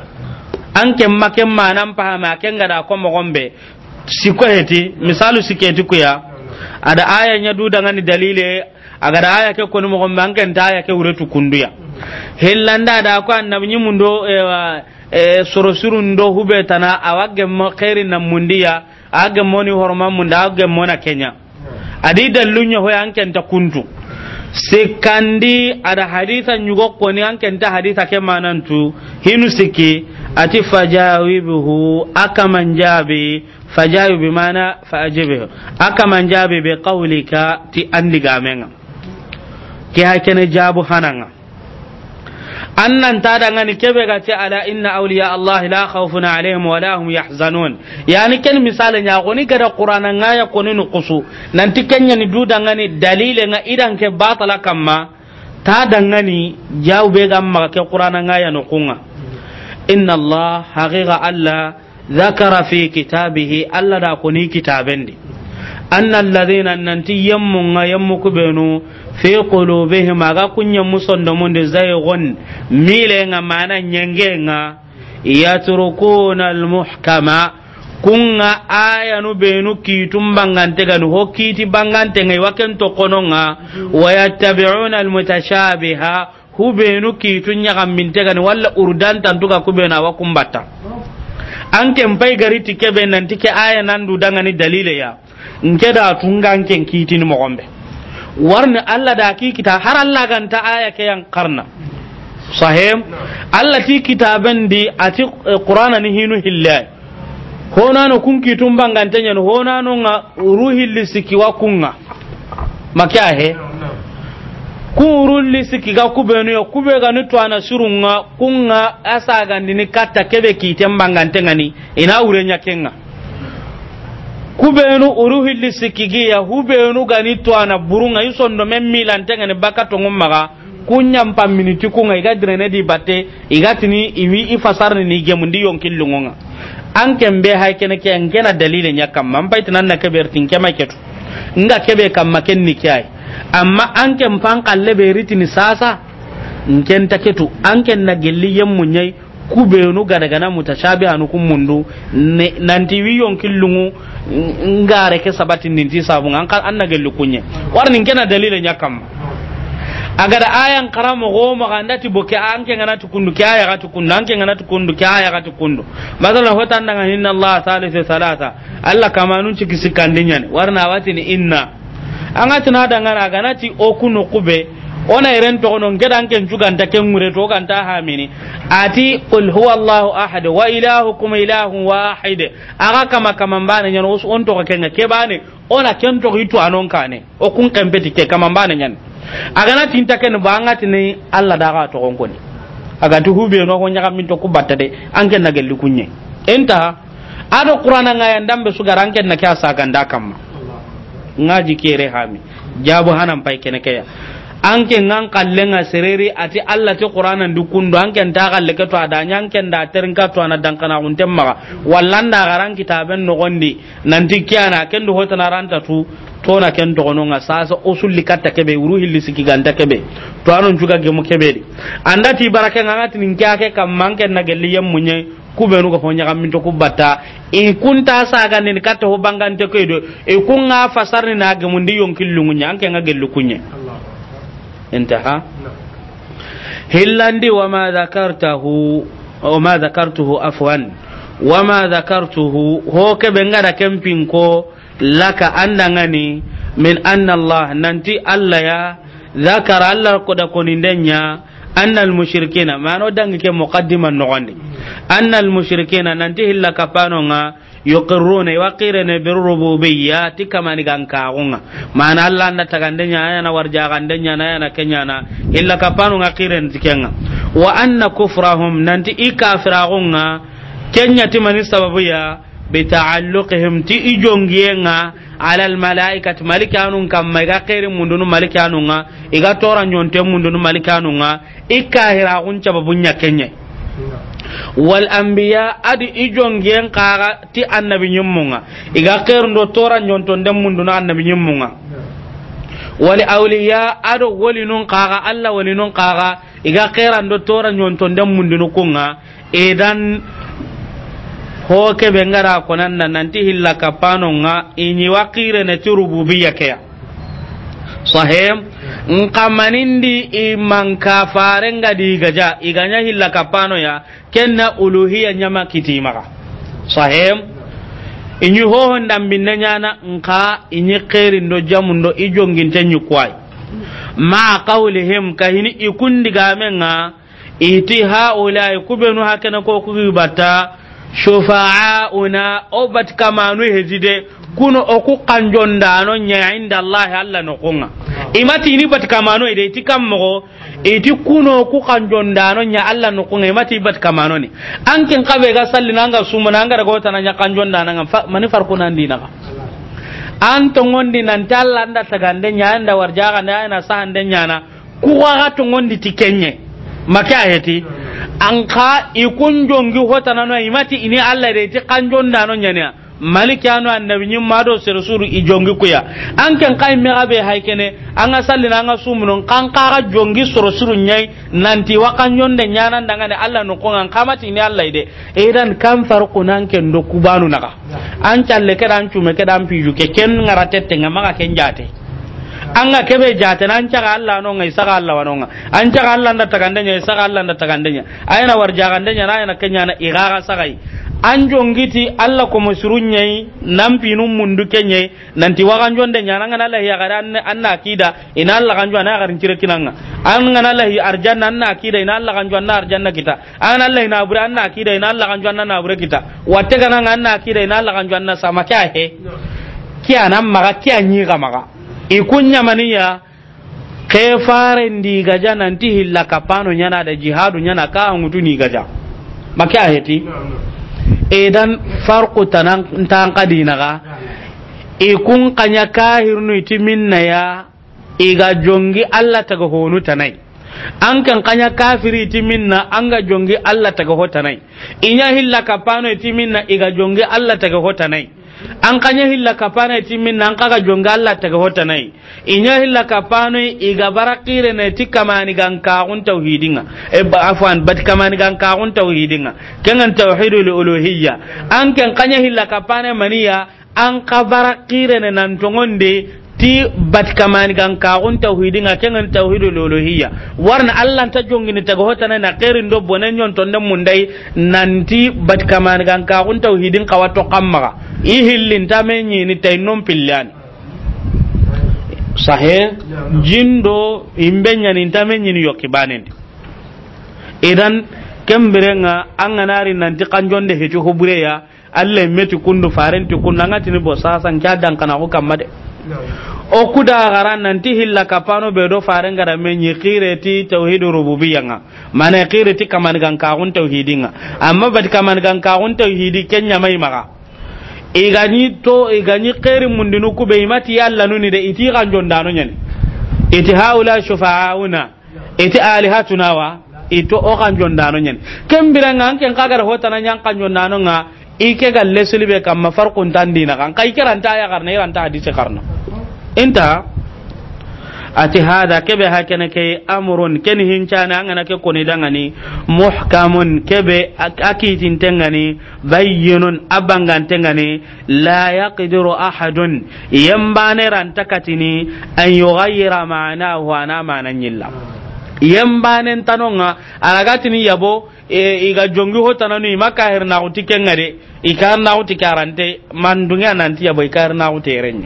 an kemma kemma nan pahama kenga da ko mogombe siko heti misalu siketi kuya ada aya nya du dangani dalile aga da aya ke koni mogombe an ken aya ke uretu kunduya hillanda da ko annabi nyimundo ewa e, e sorosurun do hube tana awage mo khairin nan mundiya age moni horma munda age mona kenya adi dallunya hoya an ken ta kuntu sikandi ada haditha nyugo koni an kenta haditha ke manantu hinu siki ati fajawibuhu akaman jabi fajawibi mana fajibihu akaman jabi bi qawlika ti andi gamenga ke hakene jabu hananga annan ta dangani kebe ga ce ala inna awliya allah la khawfun alaihim wa lahum yahzanun yani ken misale nya goni gada qur'ana ya koni nu qusu nan kenya ni du ngani dalile nga idan ke batala kamma ta dangani jaw be ga ma ke qur'ana ya nu kunga inna allah haqiqa allah ذكر في كتابه ألا دا كوني كتابين دي أن الذين ننتي يمّا fi qulubihim aga kunya musondo munde zaygon mile nga mana nyenge nga yatrukuna almuhkama kunga aya nu benu tumbangan te ganu ho bangan te ngai waken to kononga wayattabi'una almutashabiha hu benu kitun nyagam te gani walla urdan tantuka kubena wakumbata an ken mpai gari tike nan tike aya nan du dangani dalile ya nke da tunga nke kiti ni mogombe warni Allah da ki kita har Allah ganta aya ke yan karna sahim Allah ti kitaben di ati eh, qur'ana ni hinu hillai honano kun kitun bangantanya honano nga ruhi lisiki wa kunga makya he ruhi lisiki ga ku be ga ni tuana surunga kunga asa ni kata kebe kiten ngani ina urenya kenga kubenu uruhilli sikigiya hubenu gani to ana burunga isondo memmi lantanga ni baka tongumaga kunya mpa pammini tikunga iga drene di bate iga tini iwi ifasarni ni gemundi yonkillungonga an kembe hay kene kia ngena dalile nyakam mpa iti nana kebe keber tin kema ketu nga kebe kama keni ni kyai amma an kem pan kalle be sasa nkenta ketu anke nagili yemu gelli Kube gana ganagana anu kun mundu nanti wiyon killungu ngare ke sabati ninti sabunga an an na gelli kunye warni kena dalila nyakam agada ayan karamo go ganda ti boke an ke ngana tukundu ke aya gatu kundu an ke ngana tukundu ke aya gatu kundu madalla hota ndanga inna allah thalithu Allah alla kamanun ci na. warna ni inna an atina ngana ganati okunu kube ona iren to non gedan ken da ken mure to kan ta mini ati qul huwa allah ahad wa ilahukum ilahu wahid aga kama kama bana nyan us on to ken ke bane ona ken to itu anon kane o kun kan beti ke kama bana nyan aga na tinta ken banga tini allah da ga to kon koni aga tu hube no ko nyaka min to ku batta de an ken na gelli kunye enta ado qur'ana ngaya ndambe sugar an ken na kya sa ganda kam ngaji kere mi jabu hanan pai kene kaya anke ngan kallenga sereri ati Allah ti qur'ana dukundu anke nta kalle ka to adanya anke nda terinka to na dankana unte maga wallanda garan kitaben no gondi nanti kiana ken do hotana ranta tu to na ken to nga sasa usulli katta kebe ruhi lisiki ganta kebe to anon juga gemu kebe di andati baraka ngati ninka ke kam manke na gelli munye kubenu ko fonya kam to kubata e kunta saga ni katta ho bangante ko do e kunga fasarni na gamundi yonkillungunya anke nga gellu kunye Allah انتهى هلاندي وما ذكرته وما ذكرته عفوا وما ذكرته هو كبنغا كمبينكو لك أنني من ان الله ننتي الله يا ذكر الله قد كونندنيا أن المشركين ما نودنك مقدما نغني أن المشركين ننتي لك كبانونا yuqirruna waqirana birrububiyya tikamani gankaunga mana allah anda tagandenya na ayana kenyana illa kapanu ngakiren tikenga wa anna kufrahum nanti kenya sababu ya bitaalluqihim ti ijongiyenga ala almalaikati malikanun kamma iga mundunu iga tora nyonte mundunu kenya wal anbiya adi gen kaga ti annabi nyimmunga iga kerndo tora nyonto dem munduna annabi nyimmunga wali awliya ado wali nun kaga alla wali nun kaga iga kerando tora nyonto dem mundunu kunga edan ho ke be ngara konan nan nanti hilla kapano nga inyi wakire ne turububiyake ke sahem nkamanindi i mankafarenga digaja iganya hilla kapano ya kenna uluhiya nyama kitimaga sahem inyu hoho ndambinna nyana nka inyi kherindo jamundo ijonginte nyukwai ma kaulihim kahini ikundigamenga iti haulai kubenu hakene kokugibata shufa'auna obat kamanu hejide kuno oku kanjon kanjondano nya inda allah alla no kunga ah. imati ni bat kamanu ide ti kammo iti kuno ku kanjondano nya alla no kunga imati bat kamanu ni ankin kabe ga salli nanga suma nanga daga wata nya kanjondana nga mani farko nan dinaga an to ngondi nan talla anda tagande nya anda warjaga na na sahande nya na kuwa ga to ngondi tikenye maka heti an ka ikun jongi hotana no imati ini Allah de ti kanjon da no ne maliki anu annabi nyin mado suru i jongi kuya an kan kai me abe haikene an asalli na an ga sumunun kan kara jongi suru nyai nanti wa kanjon da nyana daga ne Allah no kon an kamati ni Allah de idan kan farqu nan ken do kubanu naka an challe kada an cume kada an piju ke ken ngaratette maka ken jate anga kebe jate nan caga Allah no ngai saga Allah wano nga an caga Allah nda tagandenya saga Allah nda tagandenya ayana warja gandenya na ayana kenya na igaga sagai an jongiti Allah ko musurunyai nan pinun mundu kenye nanti wagan jonde nyana ngana Allah ya gara anna akida ina Allah kan jona garin cire kinanga an ngana Allah ya arjanna anna akida ina Allah kan jona arjanna kita an Allah ina bura anna akida ina Allah kan jona na bura kita watte kana anna akida ina Allah kan na sama kya he kiya nan maga kiya nyi ga maga ikunyamaniya kefare ndigaja nanti hilla kapano nyana da jihadu nyana ka ngutu ndigaja maki aheti edan farqu tanan tan kadina ga ikun kanya kahirnu itiminna ya iga jongi alla taga honu tanai an kan kanya kafiri itiminna an ga jongi alla taga hotanai inya hilla kapano itiminna iga jongi alla taga hotanai mm. an kanya hilla kapana ti min nan kaga jonga Allah taga hota nai inya hilla kapano iga barakire ne ti kamani gan e ba afwan bat kamani gan uluhiyya an kan kanya hilla kapana maniya an kabara kire ne nan tongonde ti bat kamani kan kagun tauhidi nga kengen tauhidu luluhiyya warna allah ta jongini taga hotana na qerin do bonen yon tonde mundai nanti bat kamani kan kagun tauhidin kawato kammaga i ta menyi ni tay non sahe jindo imbe nyani ta menyi ni yokibanen idan kembirenga anganari nanti kanjonde hecu hubureya allah metu kundu farenti kundu angatini bo sasan dankana ko kamma de o kuda gara nanti hilla pano be do faren gara men yi qireti tauhid rububiyya nga mana qireti kaman gan kaun tauhidi nga amma bat kaman gan kaun tauhidi kenya mai maka igani to igani qiri mundinu ku be imati yalla nuni de iti kan jondano nyani iti haula shufa'auna iti alihatuna wa ito o kan jondano nyani kembira nga ken kagar hotana nyan kan jondano nga ike galle be kam farqun tan dina kan kai ta ya iran ta hadisi karna inta ati hada kebe hakene ke amrun ken hincana ngana ke koni dangani muhkamun kebe akitin tengani bayyinun abangan tengani la yaqdiru ahadun yambane rantakatini an yughayyira ma'nahu ana manan yilla yembanen tanonga aragatini yabo e, iga jongi hotananu ima kahir naxuti kengade ikar naxuti karante mandunge ananti yabo ikar naxuterenye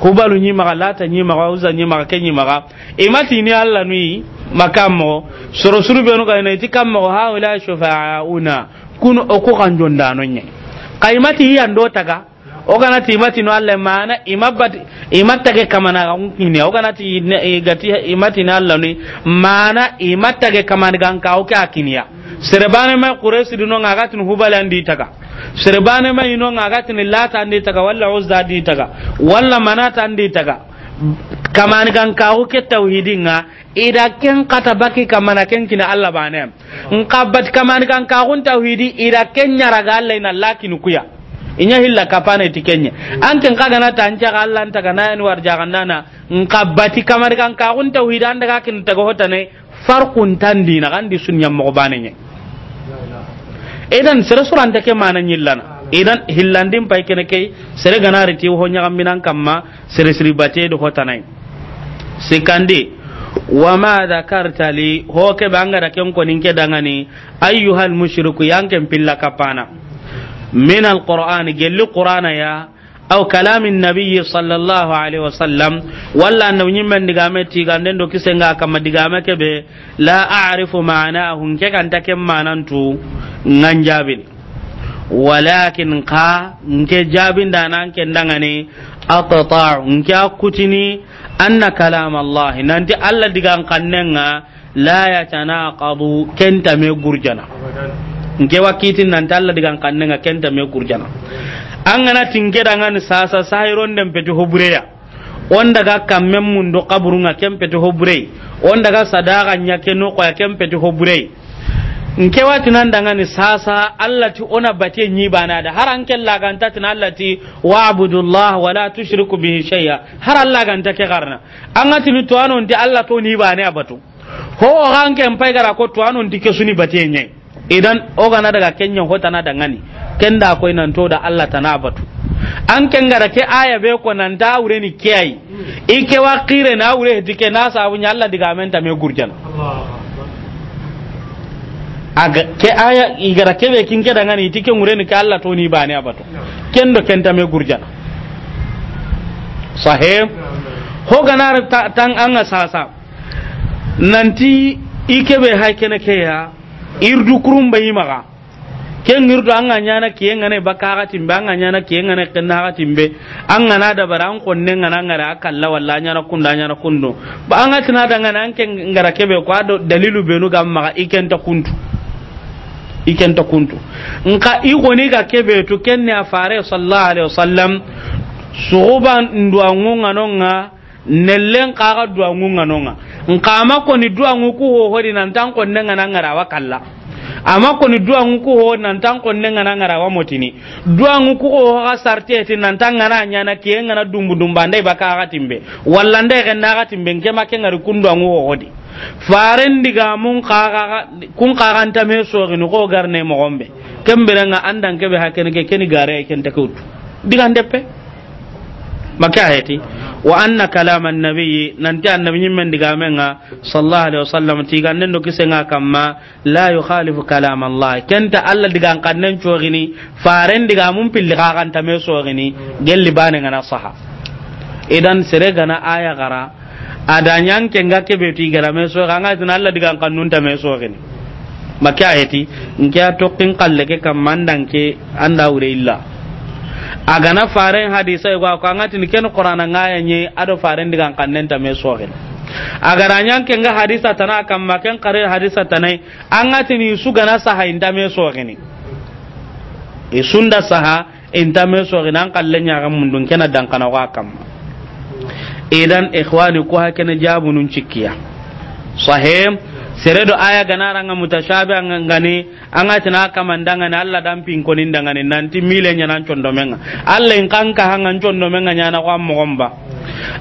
hubalu ñimaxa lata ñimaxa usa ñimaxa ke ñimaxa imatini allah nui ma kammoxo sorosuru benu gayna iti kammoxo haula shufa'una kun oku xanjondanoñe kaimati yiyando taga ogana ti mati no alle mana imabati imatta ke kamana ngini ogana ti e, gati imati na alle ni mana imatta ke kamana gan ka o ka kinya serbane ma quraysi dino ngaga tin hubala ndi taka serbane ma ino ngaga tin lata ndi taka walla uzza ndi taka walla manata ndi taka kamani gan kawo ke tauhidin nga ida ken kata baki kamana ken kina Allah bane in kabbat kamani gan kawo tauhidi ida ken nyaraga Allah ina lakini kuya inya hilla kapane tikenye anten kaga na tanja Allah anta na ni warja kannana nka bati kamar kan ka kun tauhid anda ka kin tago hota ne farqun tandi na kan di sunya mo banenye idan sira suran take manan yillana idan hillandin pai kene kai sere ganari ti ho nyagam minan kamma sere siri bate do hota nai sikandi wa ma dhakarta li ho ke banga da ken ko ninke dangani ayyuhal mushriku yanken pilla kapana min alquran gelli qur'ana ya au kalam annabi sallallahu alaihi wasallam walla annabi men diga me tiga den do kisenga kama diga me kebe la a'rifu ma'anahu ke kan take manantu nganjabin walakin ka nke jabin da nan ke dangane atata nke akutini anna kalam allah nanti allah diga kannenga la yatanaqadu kenta me gurjana nke wa kitin nan ta Allah digan kanne ga kenta me kurjana an gana tinke da ngani sasa sahiron den peti hobreya on daga kammen mun do kaburunga kem peti hobre on daga sadaka nya ke no ko kem peti hobre nke wa tinan da ngani sasa Allah ti ona bate nyi bana da har an kella ganta tin Allah ti abudullah wa la tushriku bihi shay'a har Allah ganta ke garna an ati ni to anon ti Allah to ni bana abatu ho ran kem pai gara ko to anon ti ke suni bate nyi idan ogana daga kenyan hotana da ngani kenda akwai nan to da Allah ta na batu an kenga da ke aya be ko nan da wure ni ke kiyai ike wa qire na wure dike na sabu nya Allah diga menta me gurjan aga ke aya igara ke be kin ke da ngani tike wure ni ke Allah to ni ba bane abato kendo kenta me gurjan sahib ho ganar tan an asasa nanti ike be haike na ke ya irdu kurum bayi maga ken irdu an ganya na kiyen ngane baka haka timbe an ganya na kiyen ngane kenna haka timbe an gana da baran konnen ngana ngara akalla walla anya na kunda anya na kundo ba an gati na da ngana an ken ngara kebe ko ado dalilu benu ga maga iken ta kuntu iken ta kuntu nka i goni ga kebe to ken ne afare sallallahu alaihi wasallam suuban ndu angunga nonga nellen kaga duwa ngunga nonga nkama koni duwangu ku ko nenga konne ngana wa kalla amma koni duwangu ku ho nenga konne ngana wa motini duwangu ku ho ha sarte ti na ngana nyana kiye ngana dumbu dumba ndai baka ga timbe walla ndai ga na ga timbe ma ke ngari kundu angu di faren diga mun ka ga kun ka ta me so ginu ko garne mo gombe kembe nga andan kebe hakene ke keni gare ken takutu diga ndepe makaheti wa anna kalam annabi nanti annabi nyimmen diga menga sallallahu alaihi wasallam tiga nendo do kisenga kamma la yukhalifu kalam allah kenta alla diga kannen chogini faren diga mun pilli ka kan tame sogini gelli bane ngana saha idan sere gana aya gara ada nyanke ngake beti gara me so ganga tin alla diga kannun tame sogini makaheti nkiya tokkin kalle ke kam mandanke anda wure illa agana faren hadisa ko ko angati ni ken qur'ana ngaya nye ado faren diga kannen ta me sogen agara nyan ken ga hadisa tana kam maken kare hadisa tana angati ni su gana saha inda me sogen ni e sunda saha inda me sogen an kallen ya gam mundun kena dankana wa kam idan ikhwani ko hakene jabunun cikkiya sahih seredo aya ganara nga mutashabi anga ngani anga tina kamandanga na alla allah pin konin ni nanti mile nya nan menga alla in kanka hanga condo menga nyana kwa mwomba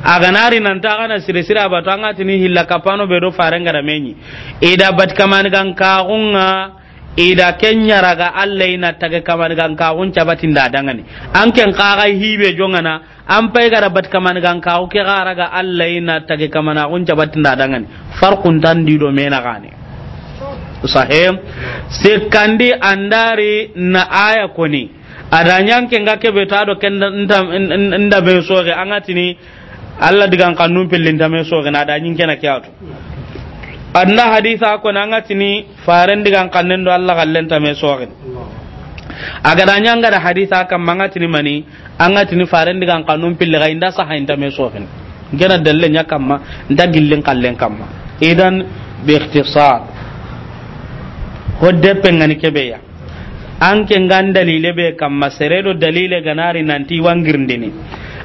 aganari nan ta gana sire sire abata anga tini hila kapano bedo farenga da menyi ida batika manika nkakunga ida kenya raga Allah ina taga kaman gan kawun cabatin da dangane an ken qaga hibe jongana an pai gara bat kaman gan kawu ke raga Allah ina taga kamar kun cabatin da dangane farqun tan di do mena gane sahim sekandi andari na aya koni adanyan ken ga ke ta do ken nda be soge angatini alla digan kanun pillin ta me soge na adanyin kena kyatu. anna haditha ko nanga tini faran digan kannen do Allah kallen ta me soore aga da nyanga da haditha kam manga tini mani anga tini faran digan kannun pille ga inda sa hainta me soore gena dalle nya ma nda gillen kallen ma idan bi ikhtisar hodde pengani kebeya an ke ngan dalile be kamma seredo dalile ganari nanti wangirndini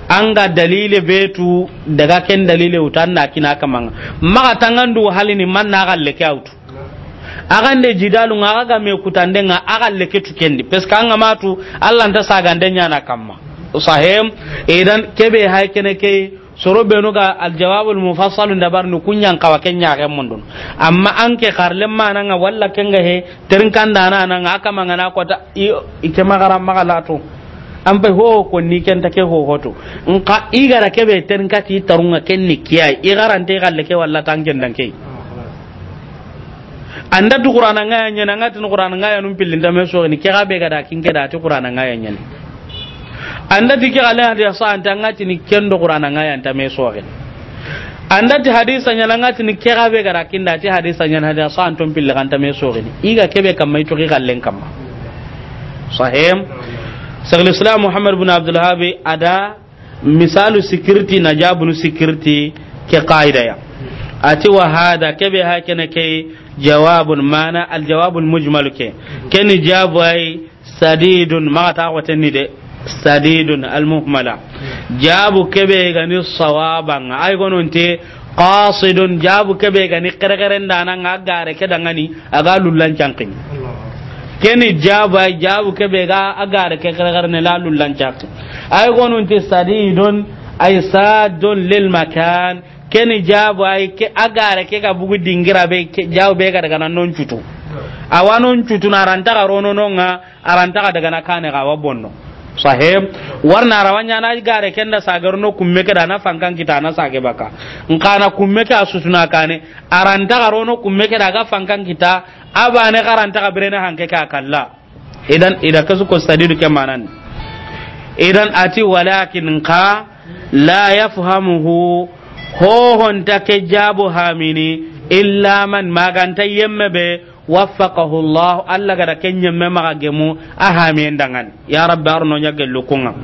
anga dalile betu daga ken dalile utan na kina kamanga maga tangandu halini man na galle kyautu agande jidalu nga ga me kutande nga aga leke tukendi peska nga matu Allah nta sagande na kamma sahem idan kebe hay kene ke soro benu ga aljawab al mufassal da bar nu kunyan kawa kenya ga mundun amma an ke karlen mana nga walla kenga he terin kan dana nan aka mangana kwata ike magara magalatu an bai ho ko ni ken ta ke ho hoto in ka igara ke be ten ka ti tarunga ken ni kiyai igaran ga le ke walla tangen dan kei anda du qur'ana nga ngaya nyana ngati tu qur'ana ngaya num pillin da so ni ke ga be ga da kin ke da ti qur'ana nga ngaya nyana anda ti ke ala hadiya sa anta ngati ni ken do qur'ana nga ngaya me so ga anda ti hadisa nyana ngati ni ke ga be ga da kin da ti hadisa nyana hadiya sa antum pillin me so ga ni iga be kam mai to ki gallen kam sahim sagl islam muhammad bin abdul habi ada misalu sikirti na jabunu sikirti ke qaida ya ati wa hada be hakene ke jawabun mana al jawabul mujmal ke ken jabai sadidun ma ta watani de sadidun al muhmala jabu be gani sawaban ay gononte qasidun jabu be gani qarqaren dana ngagare ke dangani aga lullan cankin keni jaba jabu ke be ga agare ke kare ne lalu lancak ay gonun ti sadidun ay sadun lil makan keni jabu ay ke agare ke ga bugu dingira be ke jabu be ga daga non chutu awanon chutu na ranta ga ronono nga aranta ga daga na kane ga wabonno sahib warna rawanya na gare kenda no kumme kada dana fankan kita na sage baka nkana kumme ka susuna kane aranta no kumme kada ga fankan kita ne garanta ga na hanke ka kalla idan idan kasu ko sadidu ke manan idan ati walakin ka la yafhamuhu ho hon take jabu hamini illa man maganta yemme be waffaqahu Allah Allah gada kenya mema gemu aha mendangan ya rabbi arno nyage lukunga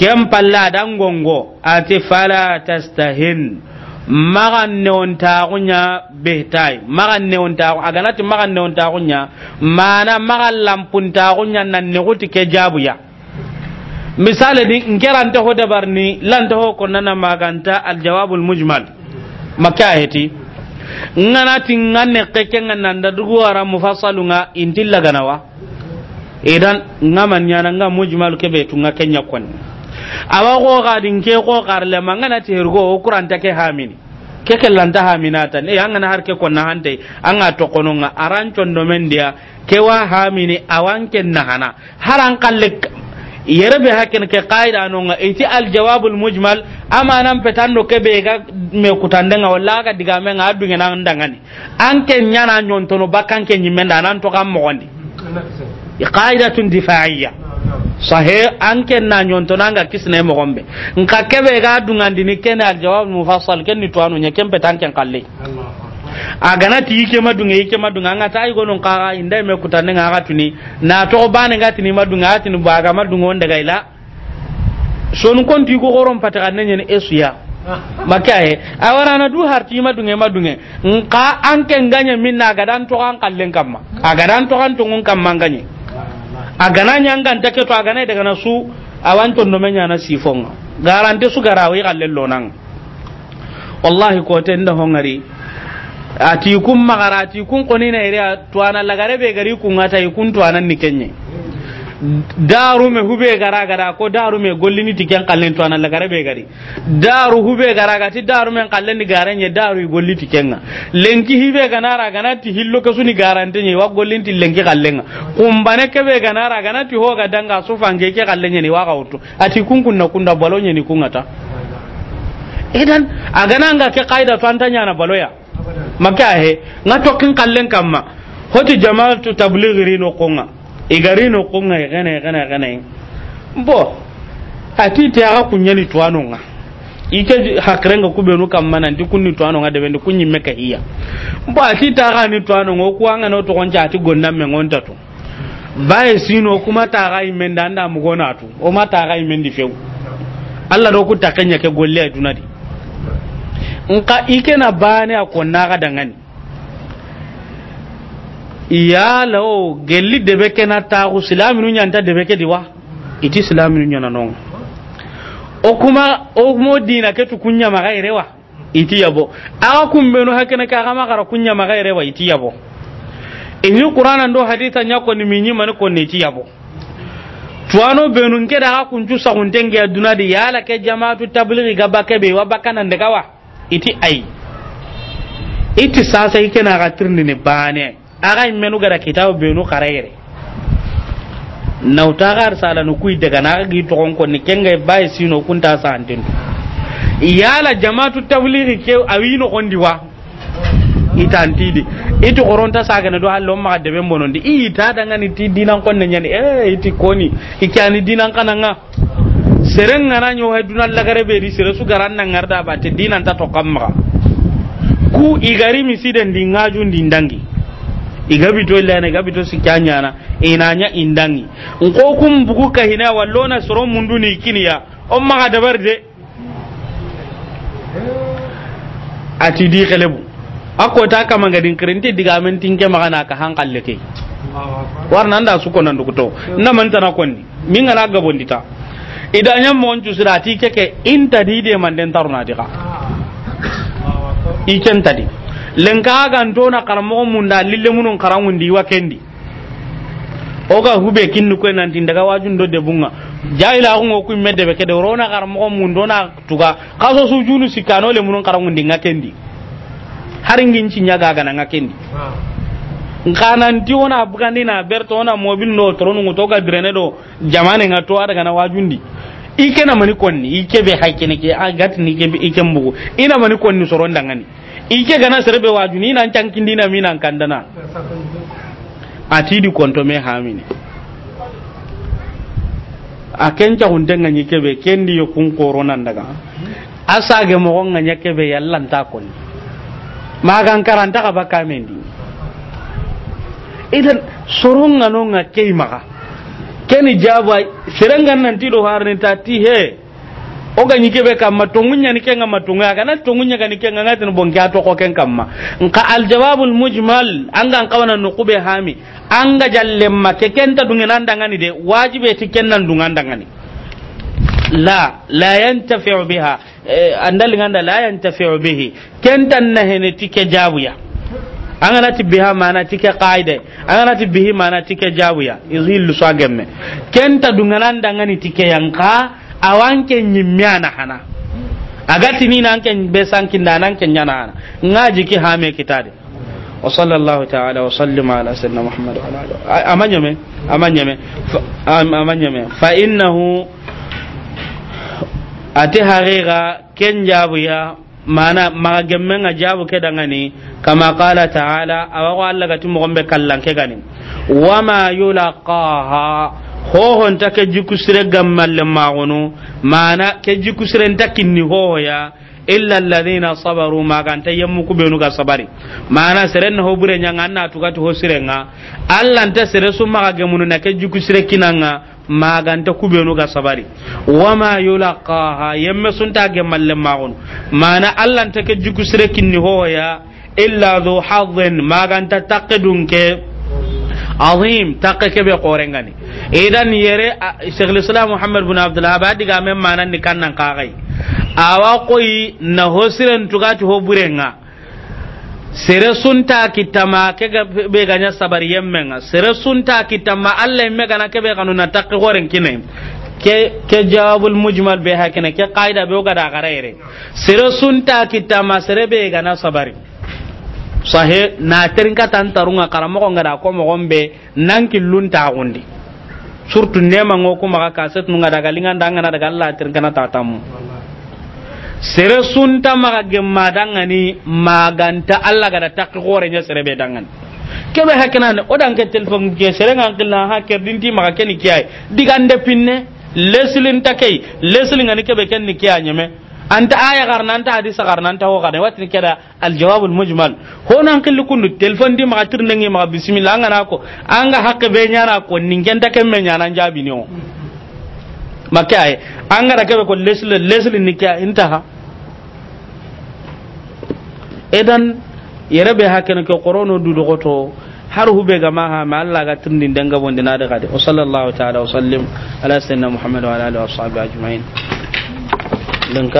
kem palla dangongo ati fala tastahin magan ne on gunya behtai magan ne onta agana ti magan ne on gunya mana maga lampun ta nan ne guti ke jabuya misali ni ngerante ho dabarni lante ho konnana maganta aljawabul mujmal makaheti ngana tinga ne keke ngana nda dugu ara nga intilla ganawa idan ngama nyana nga mujmalu kebe tunga kenya kon awa go ga din ke go garle mangana te hergo o qur'an take hamini ke kellanta haminata ne yanga na har ke kon na hande anga to nga aran men mendia ke wa hamini awanken na hana haran kalle yerebe hakin ke qaida anonga iti al jawabul mujmal ama nan petando ke be ga me nga walla ga diga me ga dunga nan dangani anke nyana nyontono bakkan ke da nan to kam mogondi tun difa'iyya sahe anke na nyontono nga kisne mogombe nka kebe ga dunga ndini ken al jawabul mufassal ken ni to anu petan ke kalle agana ti yike madunga yike madunga anga ta gonon non kaga inda me kutane nga tuni na to bane nga tini madunga tini baga madunga onda gaila sonu nun kon ti go goron pataka ni esuya makaye awara na du harti madunga madunga nka anke nganya minna gadan to kan kallen kamma agadan to kan tungun kamma nganye agana nyanga ntake to agana daga na su awan to no menya na sifonga garante su garawi kallen lonan wallahi ko tenda hongari ati kun magara ati kun koni na ire tuana lagare bai gari kun ata kun tuana ni kenye daru me hube gara gara ko daru me gollini tiken kallen tuana lagare bai gari daru hube gara gati daru men kallen ni garenye daru golli tikenga lenki hibe ganara ganati hillo ke suni garantenye wa gollin ti lenki kallenga kumbane ke be ganara ganati hoga danga sufange ke kallenye ni waka utu ati kun kunna kunda balonye ni kungata idan agana nga ke kaida tuanta nyana baloya maka ahe nga tokin kallen kamma hoti jama'atu tabligh rino konga igarino no konga gane gane gane bo ati ti aga kunyani tuano nga ike hakrenga kubenu kamma nan di kunni tuano nga debende kunni meka hiya bo ati ta aga ni tuano ngo kuanga no to gonja ati gonna me to baye sino kuma ta aga imenda anda mugona tu o mata aga imendi feu Allah do ku takanya ke golle aduna di nka na bane a konna ga dangani iyala o gelli debe kena taxu silaminu ñanta debe ke diwa iti silaminu ñana non o kuma o mo dina ke tu kunya maga irewa iti yabo aga kumbeno hakene ka gama gara kunya maga irewa iti yabo ini qur'ana ndo hadita nyako ni minyi man ko ne ti yabo tuwano benu nke da kuncu sakunten ke aduna di yala ke jama'atu tablighi ga bakabe wa bakana wa. iti ai iti sasa hike na ni ne bane aga imenu gara kitab benu karayre nauta gar sala nu kuy daga na gi to kon ko ni kenga bai sino kunta sa antin yala jama'atu tablighi ke awino kondi wa ita antidi iti koronta saga na do hallo ma de ben I ita daga ni tidi nan kon nyani e iti koni ikani dinan kananga seren ngana nyo hay dunal lagare be di sere su garan nan ngarda ba te dinan ta to kamma ku igari den di ngaju dindangi igabi to illa ne gabi to kyanyana ina nya indangi ko kum bugu hina wallona soro mundu ni kiniya on ma dabar de ati di khalebu ako ta kama gadin kirinti diga min tinke magana ka hankalle ke warna anda su nan dukuto na mantana konni min ala dita idan yan mon jusira ti keke inta di de man den taruna di ka iken tadi di ka ga na karmo mun da lille munun karamun di wakendi o ga hube kinnu ko nan tin daga wajun do de bunga jahila ko ngoku medde be ke de rona karmo mun do na tuga kaso su junu sikano le munun karamun di ngakendi haringin cinya ga ga na ngakendi ah. nkananti wona bugandi na berto wona mobil no toronu ga drene do jamane nga to wajundi ike na mani konni ike be ke agat ni ke ike mbugo ina mani konni soron dangani ike gana serbe wajuni nan cankindi na kandana atidi konto me hamini a kenca hunte nga ñikebe kendi yo kun koronan daga a sage nga ñakebe yallanta magan idan soronga nga kei maka keni jaba serengan nanti do harni tati he oga nyike be kamma tungunya ni kenga matunga kana tongunya kani kenga ngatin bonke ato ko ken kamma ka al jawabul mujmal anga an kawana nukube hami anga jalle ma ke kenta dungen ni de wajibe ti kennan ni la la yantafi'u biha eh, andal nganda la yantafi'u bihi kentan nahene ti ke ya angana ti biha mana tike qaida angana ti bihi mana tike jawiya izhillu geme. kenta dunganan dangani tike yanka awanke nyimyana hana agati ni nanke be sankin da nanke nyana hana ngaji ki hame kitade wa sallallahu ta'ala wa sallama ala sayyidina muhammad wa ala amanyame amanyame amanyame fa innahu ati harira ken jawiya mana maga gemme nga jabu ke dangani kama qala ta'ala awa Allah gati mo gombe kallan ke gani wama yulaqaha ho hon take jikusire ma magunu mana ke ta takinni ho ya illa alladhina sabaru ma maganta ku kubenu ga sabari mana sire ho bure nyanga na tugati ho sirenga Allah nta sere su ga gemunu na ke sire kinanga maganta kubenu ga sabari wama yulaqaha yemme sunta ge malle magun mana allah take juku sire kinni hoya illa dhu hadhin maganta taqdun ke azim taqe ke be qorengani idan yere shaykhul islam muhammad bin abdul wahhab diga men manan ni kannan kagai awa koyi na hosiren tugati ho burenga sere sunta kitama kega be ganya sabari yemmenga sere sunta kitama allah me gana kebe kanu na takki horen kine ke ke jawabul mujmal be hakina ke qaida be ga da garaire sere sunta kitama sere be na sabari sahe na terinka tan tarunga karamo ko ngada ko mo gombe nanki lunta gundi surtu nema ngoko maka kaset nunga daga linga ndanga daga allah terinka na tatamu sere sunta maga gemma dangani maganta Allah gada takki hore nya sere be dangani kebe hakana o dan ke telefon ke sere ngan kila ha ke dinti maga ni kiyai digande pinne leslin takai leslin ngani kebe ken kiyai nyame anta aya garna anta hadisa garna anta ho garna watin keda al jawab al mujmal hono an kullu kunu telefon di maga tirndengi maga bismillah ngana ko anga hakke be nyana ko ningen takemme nyana jabi ni o makai an ga da kebe ko lesle lesle ni kya intaha edan yere be hakken ke qorono du dogoto har hube gama ha ma Allah ga tindin danga bonde na da de sallallahu ta'ala wa sallim ala sayyidina muhammad wa ala alihi wa sahbihi ajma'in